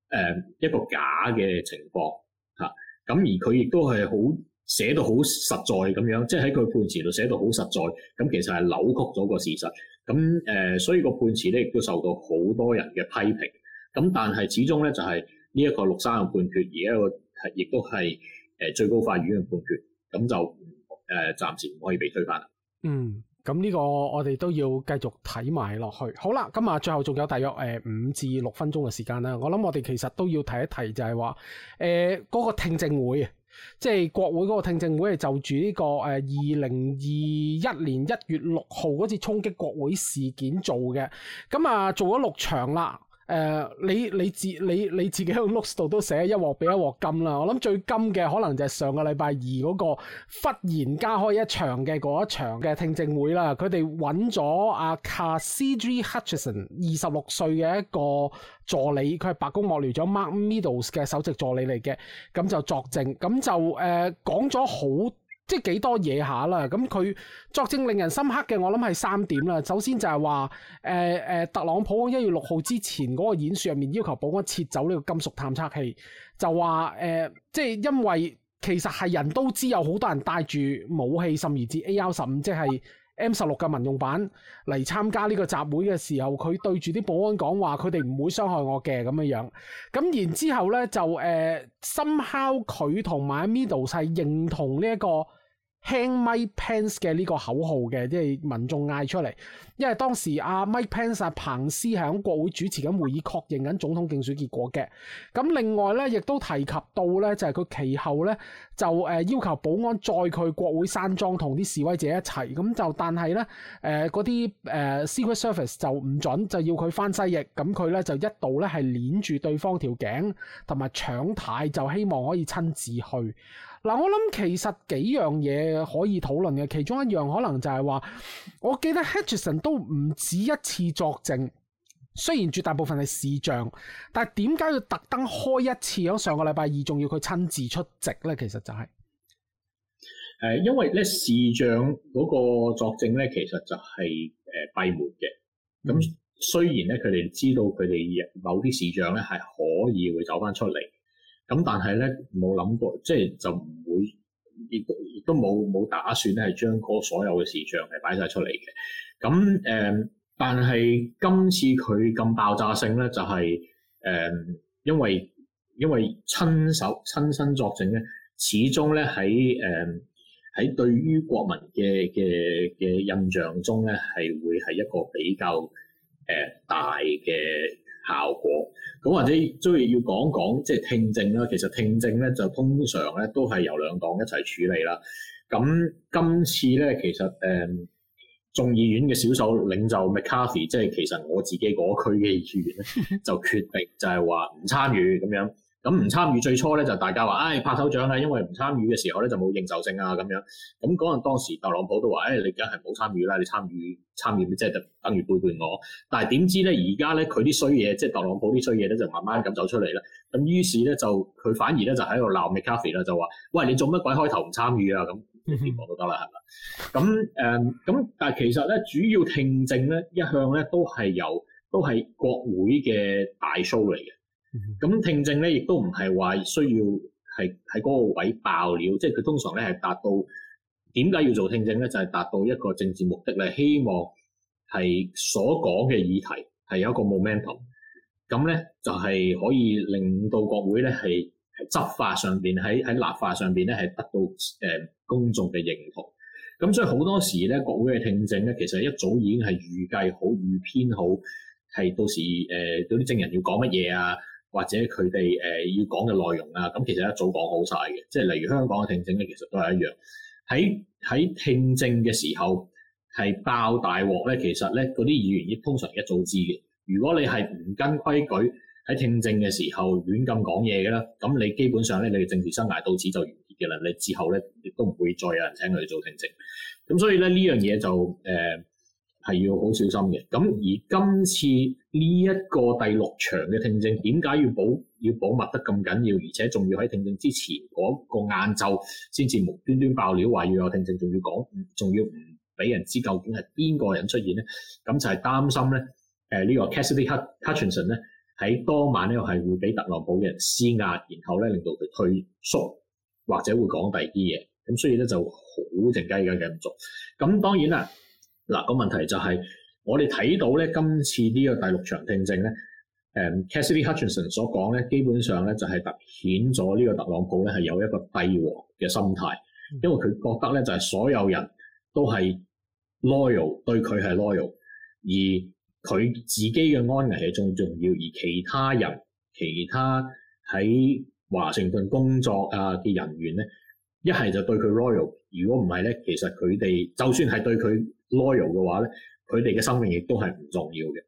呃、一個假嘅情況嚇，咁，啊、而佢亦都係好寫到好實在咁樣，即係喺佢判詞度寫到好實在，咁其實係扭曲咗個事實，咁誒，呃、所以那個判詞咧亦都受到好多人嘅批評，咁但係始終咧就係呢一個六三嘅判決，而一個係亦都係誒最高法院嘅判決，咁就誒，呃、暫時唔可以被推翻。嗯。咁呢個我哋都要繼續睇埋落去好。好啦，咁啊最後仲有大約誒五至六分鐘嘅時間啦。我諗我哋其實都要提一提就，就係話誒嗰個聽證會啊，即係國會嗰個聽證會係就住呢個誒二零二一年一月六號嗰次衝擊國會事件做嘅。咁啊做咗六場啦。誒、呃，你你自你你自己喺個 notes 度都寫一鑊俾一鑊金啦。我諗最金嘅可能就係上個禮拜二嗰個忽然加開一場嘅嗰一場嘅聽證會啦。佢哋揾咗阿 Cassidy Hutchinson 二十六歲嘅一個助理，佢係白宮幕僚長 Mark Meadows 嘅首席助理嚟嘅，咁就作證，咁就誒講咗好。呃即係幾多嘢下啦，咁佢作證令人深刻嘅，我諗係三點啦。首先就係話，誒、呃、誒、呃，特朗普喺一月六號之前嗰個演說入面要求保安撤走呢個金屬探測器，就話誒、呃，即係因為其實係人都知有好多人帶住武器，甚至 A R 十五，即係。M 十六嘅民用版嚟參加呢個集會嘅時候，佢對住啲保安講話，佢哋唔會傷害我嘅咁樣樣，咁然之後咧，就誒深敲佢同埋 Michael 係認同呢一個。Hang Mike Pence 嘅呢個口號嘅，即係民眾嗌出嚟，因為當時阿 Mike Pence 彭斯喺喺國會主持緊會議，確認緊總統競選結果嘅。咁另外咧，亦都提及到咧，就係、是、佢其後咧就誒要求保安載佢國會山莊同啲示威者一齊。咁就但係咧誒嗰啲誒 Secret Service 就唔准，就要佢翻西翼。咁佢咧就一度咧係鏈住對方條頸，同埋搶軚，就希望可以親自去。嗱、啊，我諗其實幾樣嘢可以討論嘅，其中一樣可能就係話，我記得 Hutchinson 都唔止一次作證，雖然絕大部分係視像，但係點解要特登開一次嗰上個禮拜二，仲要佢親自出席咧？其實就係、是、誒、呃，因為咧視像嗰個作證咧，其實就係誒閉門嘅。咁雖然咧，佢哋知道佢哋某啲視像咧係可以會走翻出嚟。咁但係咧冇諗過，即係就唔會亦都亦都冇冇打算咧係將嗰所有嘅事象係擺晒出嚟嘅。咁誒、嗯，但係今次佢咁爆炸性咧，就係、是、誒、嗯，因為因為親手親身作證咧，始終咧喺誒喺對於國民嘅嘅嘅印象中咧，係會係一個比較誒、呃、大嘅。效果，咁或者都要講講，即係聽證啦，其實聽證咧就通常咧都係由兩黨一齊處理啦。咁今次咧其實誒、嗯、眾議院嘅少數領袖 McCarthy，即係其實我自己嗰區嘅議員咧，就決定就係話唔參與咁樣。咁唔參與最初咧，就大家話唉、哎，拍手掌啊！因為唔參與嘅時候咧，就冇認受性啊，咁樣。咁嗰陣當時特朗普都話唉、哎，你梗係冇參與啦，你參與參與即係等，等於背叛我。但係點知咧，而家咧佢啲衰嘢，即係特朗普啲衰嘢咧，就慢慢咁走出嚟啦。咁於是咧就佢反而咧就喺度鬧 McCarthy 啦，就話喂，你做乜鬼開頭唔參與啊？咁我都得啦，係 咪？咁、嗯、誒，咁但係其實咧，主要聽證咧，一向咧都係由都係國會嘅大 show 嚟嘅。咁聽證咧，亦都唔係話需要係喺嗰個位爆料，即係佢通常咧係達到點解要做聽證咧？就係、是、達到一個政治目的咧，希望係所講嘅議題係有一個 momentum，咁咧就係可以令到國會咧係係執法上邊喺喺立法上邊咧係得到誒公眾嘅認同。咁所以好多時咧，國會嘅聽證咧，其實一早已經係預計好、預編好係到時誒嗰啲證人要講乜嘢啊。或者佢哋誒要講嘅內容啊，咁其實一早講好晒嘅，即係例如香港嘅聽證咧，其實都係一樣。喺喺聽證嘅時候係爆大鑊咧，其實咧嗰啲議員亦通常一早知嘅。如果你係唔跟規矩喺聽證嘅時候亂咁講嘢嘅啦，咁你基本上咧你嘅政治生涯到此就完結嘅啦。你之後咧亦都唔會再有人請佢做聽證。咁所以咧呢樣嘢就誒係、呃、要好小心嘅。咁而今次。呢、這、一個第六場嘅聽證，點解要保要保密得咁緊要？而且仲要喺聽證之前嗰、那個晏晝先至無端端爆料，話要有聽證，仲要講，仲要唔俾人知究竟係邊個人出現咧？咁就係擔心咧，呃這個、-Hut, 呢個 Cassidy Hutchinson 咧喺當晚咧係會俾特朗普嘅人施壓，然後咧令到佢退縮或者會講第二啲嘢。咁所以咧就好靜雞家嘅動作。咁當然啦，嗱個問題就係、是。我哋睇到咧，今次呢個第六場聽證咧，誒、嗯、，Cassidy Hutchinson 所講咧，基本上咧就係、是、凸顯咗呢個特朗普咧係有一個帝王嘅心態，因為佢覺得咧就係、是、所有人都係 loyal，對佢係 loyal，而佢自己嘅安危係仲重要，而其他人其他喺華盛頓工作啊嘅人員咧，一係就對佢 loyal，如果唔係咧，其實佢哋就算係對佢 loyal 嘅話咧。佢哋嘅生命亦都係唔重要嘅，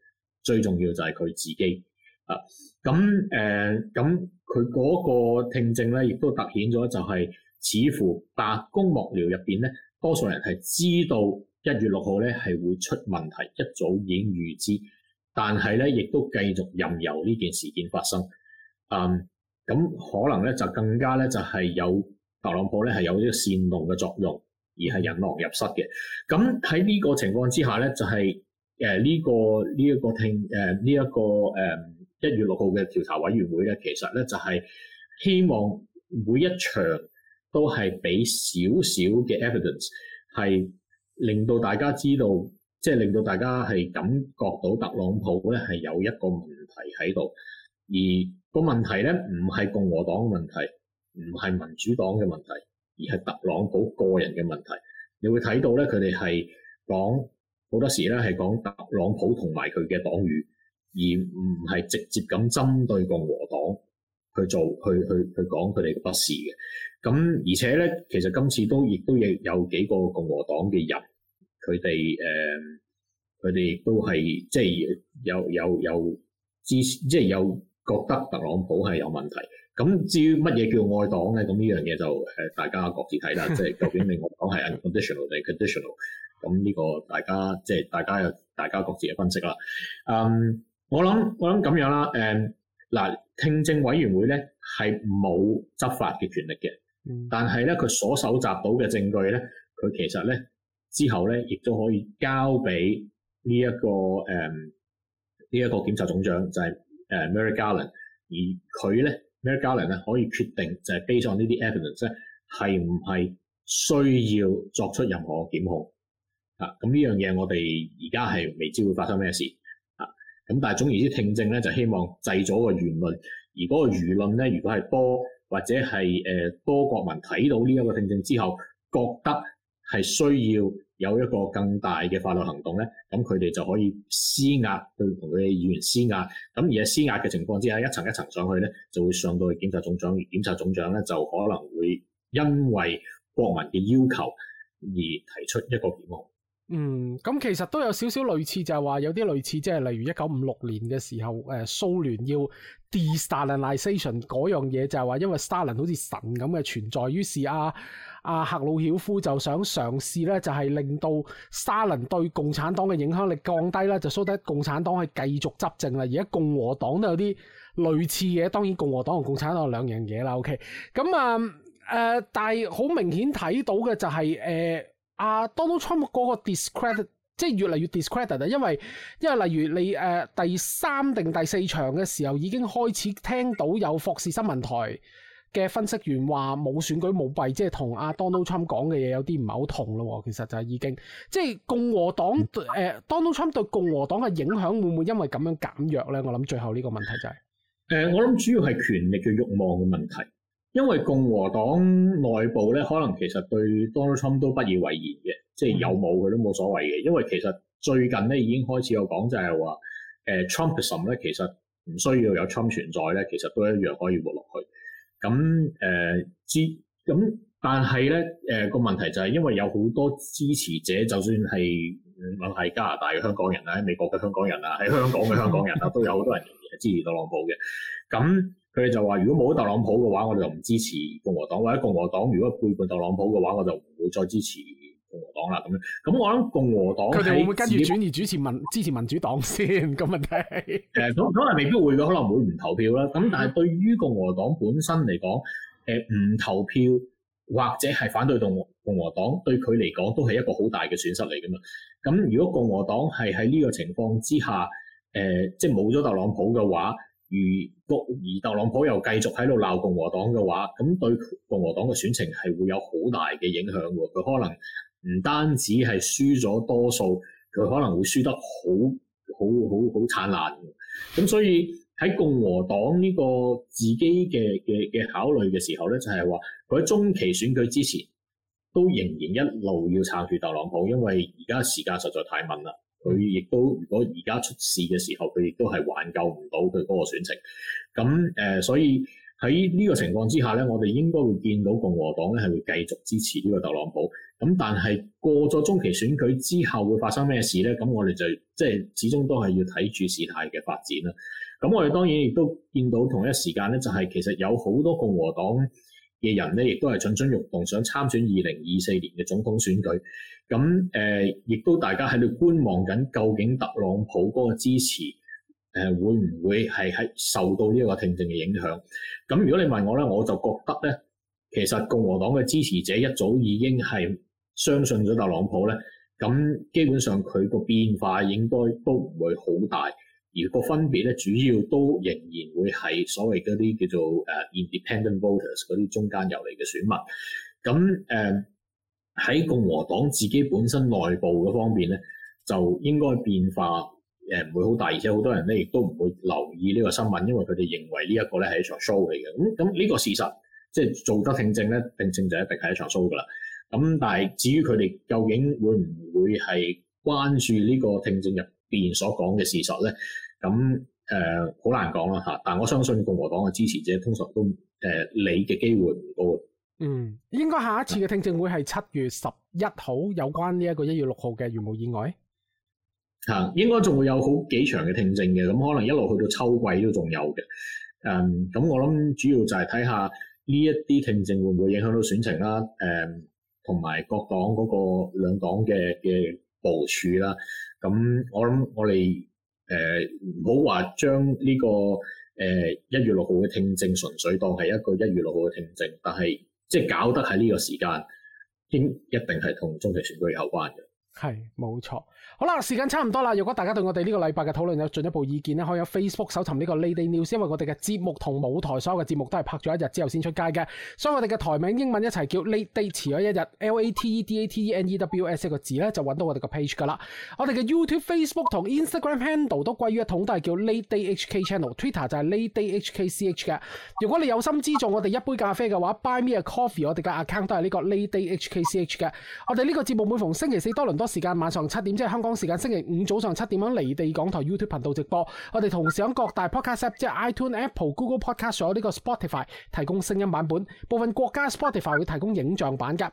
最重要就係佢自己啊。咁誒，咁佢嗰個聽證咧，亦都突顯咗就係，似乎白宮幕僚入邊咧，多數人係知道一月六號咧係會出問題，一早已經預知，但係咧亦都繼續任由呢件事件發生。嗯，咁可能咧就更加咧就係有特朗普咧係有啲煽動嘅作用。而係引狼入室嘅，咁喺呢個情況之下咧，就係誒呢個呢一個聽誒呢一個誒一月六號嘅調查委員會咧，其實咧就係希望每一場都係俾少少嘅 evidence，係令到大家知道，即係令到大家係感覺到特朗普咧係有一個問題喺度，而個問題咧唔係共和黨嘅問題，唔係民主黨嘅問題。而係特朗普個人嘅問題，你會睇到咧，佢哋係講好多時咧係講特朗普同埋佢嘅黨羽，而唔係直接咁針對共和黨去做去去去講佢哋嘅不是嘅。咁而且咧，其實今次都亦都亦有幾個共和黨嘅人，佢哋誒佢哋亦都係即係有有有之即係有覺得特朗普係有問題。咁至於乜嘢叫愛黨咧？咁呢樣嘢就大家各自睇啦。即 係究竟你我講係 unconditional 定 conditional？咁呢個大家即係、就是、大家大家各自嘅分析啦。嗯、um,，我諗我諗咁樣啦。誒嗱，聽證委員會咧係冇執法嘅權力嘅，但係咧佢所搜集到嘅證據咧，佢其實咧之後咧亦都可以交俾呢一個誒呢一個檢察總長，就係、是、Mary Garland 而佢咧。咩交流咧，可以決定就係基礎上呢啲 evidence 咧，係唔係需要作出任何檢控啊？咁呢樣嘢我哋而家係未知會發生咩事啊？咁但係總而言之，聽證咧就希望製造個輿論，而嗰個輿論咧，如果係多或者係、呃、多國民睇到呢一個聽證之後，覺得係需要。有一個更大嘅法律行動咧，咁佢哋就可以施壓，對同佢哋議員施壓。咁而係施壓嘅情況之下，一層一層上去咧，就會上到去檢察總長。檢察總長咧就可能會因為國民嘅要求而提出一個檢控。嗯，咁其實都有少少類似就，就係話有啲類似，即係例如一九五六年嘅時候，誒蘇聯要 de-Stalinisation 嗰樣嘢，就係話因為 Stalin 好似神咁嘅存在，於是啊。阿赫魯曉夫就想嘗試咧，就係、是、令到沙林對共產黨嘅影響力降低啦，就蘇得共產黨係繼續執政啦。而家共和黨都有啲類似嘅，當然共和黨同共產黨兩樣嘢啦。OK，咁、呃就是呃、啊，但係好明顯睇到嘅就係誒，阿 Donald Trump 嗰個 discredit，即係越嚟越 discredit 啊，因為因為例如你誒、呃、第三定第四場嘅時候已經開始聽到有霍士新聞台。嘅分析員話冇選舉舞弊，即係同阿 Donald Trump 講嘅嘢有啲唔係好同咯。其實就係已經即係共和黨誒、嗯呃、Donald Trump 對共和黨嘅影響會唔會因為咁樣減弱咧？我諗最後呢個問題就係、是、誒、呃，我諗主要係權力嘅慾望嘅問題，因為共和黨內部咧可能其實對 Donald Trump 都不以為然嘅、嗯，即係有冇嘅都冇所謂嘅。因為其實最近咧已經開始有講就係話誒 Trumpism 咧，其實唔需要有 Trump 存在咧，其實都一樣可以活落去。咁誒知咁，但係咧誒個問題就係，因為有好多支持者，就算係喺、嗯、加拿大嘅香港人啦，喺美國嘅香港人啦，喺香港嘅香港人啦， 都有好多人支持特朗普嘅。咁佢哋就話：如果冇特朗普嘅話，我哋就唔支持共和黨；或者共和黨如果背叛特朗普嘅話，我就唔會再支持。共和黨啦，咁樣，咁我諗共和黨佢哋會唔會跟住轉移主持民支持民主黨先？咁問題，嗯，誒，可能未必會嘅，可能會唔投票啦。咁但係對於共和黨本身嚟講，誒唔投票或者係反對動共和黨對他來說，對佢嚟講都係一個好大嘅損失嚟噶嘛。咁如果共和黨係喺呢個情況之下，誒、呃，即係冇咗特朗普嘅話，如果而特朗普又繼續喺度鬧共和黨嘅話，咁對共和黨嘅選情係會有好大嘅影響，佢可能。唔單止係輸咗多數，佢可能會輸得好好好好燦爛嘅。咁所以喺共和黨呢個自己嘅嘅嘅考慮嘅時候咧，就係話佢喺中期選舉之前都仍然一路要撐住特朗普，因為而家時間實在太猛啦。佢亦都如果而家出事嘅時候，佢亦都係挽救唔到佢嗰個選情。咁誒、呃，所以。喺呢個情況之下咧，我哋應該會見到共和黨咧係會繼續支持呢個特朗普。咁但係過咗中期選舉之後會發生咩事咧？咁我哋就即係始終都係要睇住事態嘅發展啦。咁我哋當然亦都見到同一時間咧，就係其實有好多共和黨嘅人咧，亦都係蠢蠢欲動想參選二零二四年嘅總統選舉。咁誒，亦、呃、都大家喺度觀望緊，究竟特朗普嗰個支持。誒會唔會係喺受到呢個個聽證嘅影響，咁如果你問我咧，我就覺得咧，其實共和黨嘅支持者一早已經係相信咗特朗普咧，咁基本上佢個變化應該都唔會好大，而個分別咧主要都仍然會係所謂嗰啲叫做誒 independent voters 嗰啲中間遊離嘅選民。咁誒喺共和黨自己本身內部嘅方面咧，就應該變化誒唔會好大，而且好多人咧亦都唔會留意呢個新聞，因為佢哋認為呢一個咧係一場 show 嚟嘅。咁咁呢個事實即係做得聽證咧，聽證就一定係一場 show 噶啦。咁但係至於佢哋究竟會唔會係關注呢個聽證入邊所講嘅事實咧？咁誒好難講啦嚇。但係我相信共和黨嘅支持者通常都誒理嘅機會唔高。嗯，應該下一次嘅聽證會係七月十一號，有關呢一個一月六號嘅鉛毛意外。啊，應該仲會有好幾場嘅聽證嘅，咁可能一路去到秋季都仲有嘅。誒、嗯，咁我諗主要就係睇下呢一啲聽證會唔會影響到選情啦。誒、嗯，同埋各黨嗰個兩黨嘅嘅部署啦。咁我諗我哋誒唔好話將呢個誒呃、一月六號嘅聽證純粹當係一個一月六號嘅聽證，但係即係搞得喺呢個時間，應一定係同中期選舉有關嘅。係冇錯，好啦，時間差唔多啦。如果大家對我哋呢個禮拜嘅討論有進一步意見呢，可以喺 Facebook 搜尋呢個 Late Date News，因為我哋嘅節目同舞台所有嘅節目都係拍咗一日之後先出街嘅。所以我哋嘅台名英文一齊叫 Late Date 遲咗一日，L A T E D A T E N E W S 呢個字咧，就搵到我哋嘅 page 噶啦。我哋嘅 YouTube、Facebook 同 Instagram handle 都歸於一統，都係叫 Late Date HK Channel。Twitter 就係 Late Date HK CH 嘅。如果你有心資助我哋一杯咖啡嘅話，Buy me a coffee，我哋嘅 account 都係呢個 Late Date HK CH 嘅。我哋呢個節目每逢星期四多倫時間晚上七點，即係香港時間星期五早上七點，喺離地港台 YouTube 頻道直播。我哋同時喺各大 Podcast app，即係 iTune、Apple、Google Podcast 所有呢個 Spotify 提供聲音版本。部分國家 Spotify 會提供影像版噶。呢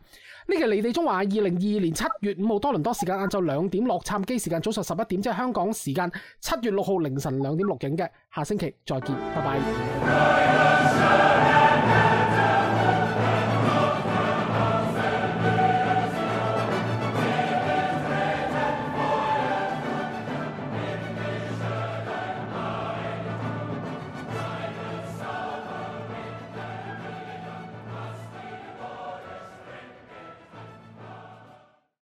期離地中華二零二二年七月五號多倫多時間晏晝兩點，洛杉磯時間早上十一點，即係香港時間七月六號凌晨兩點錄影嘅。下星期再見，拜拜。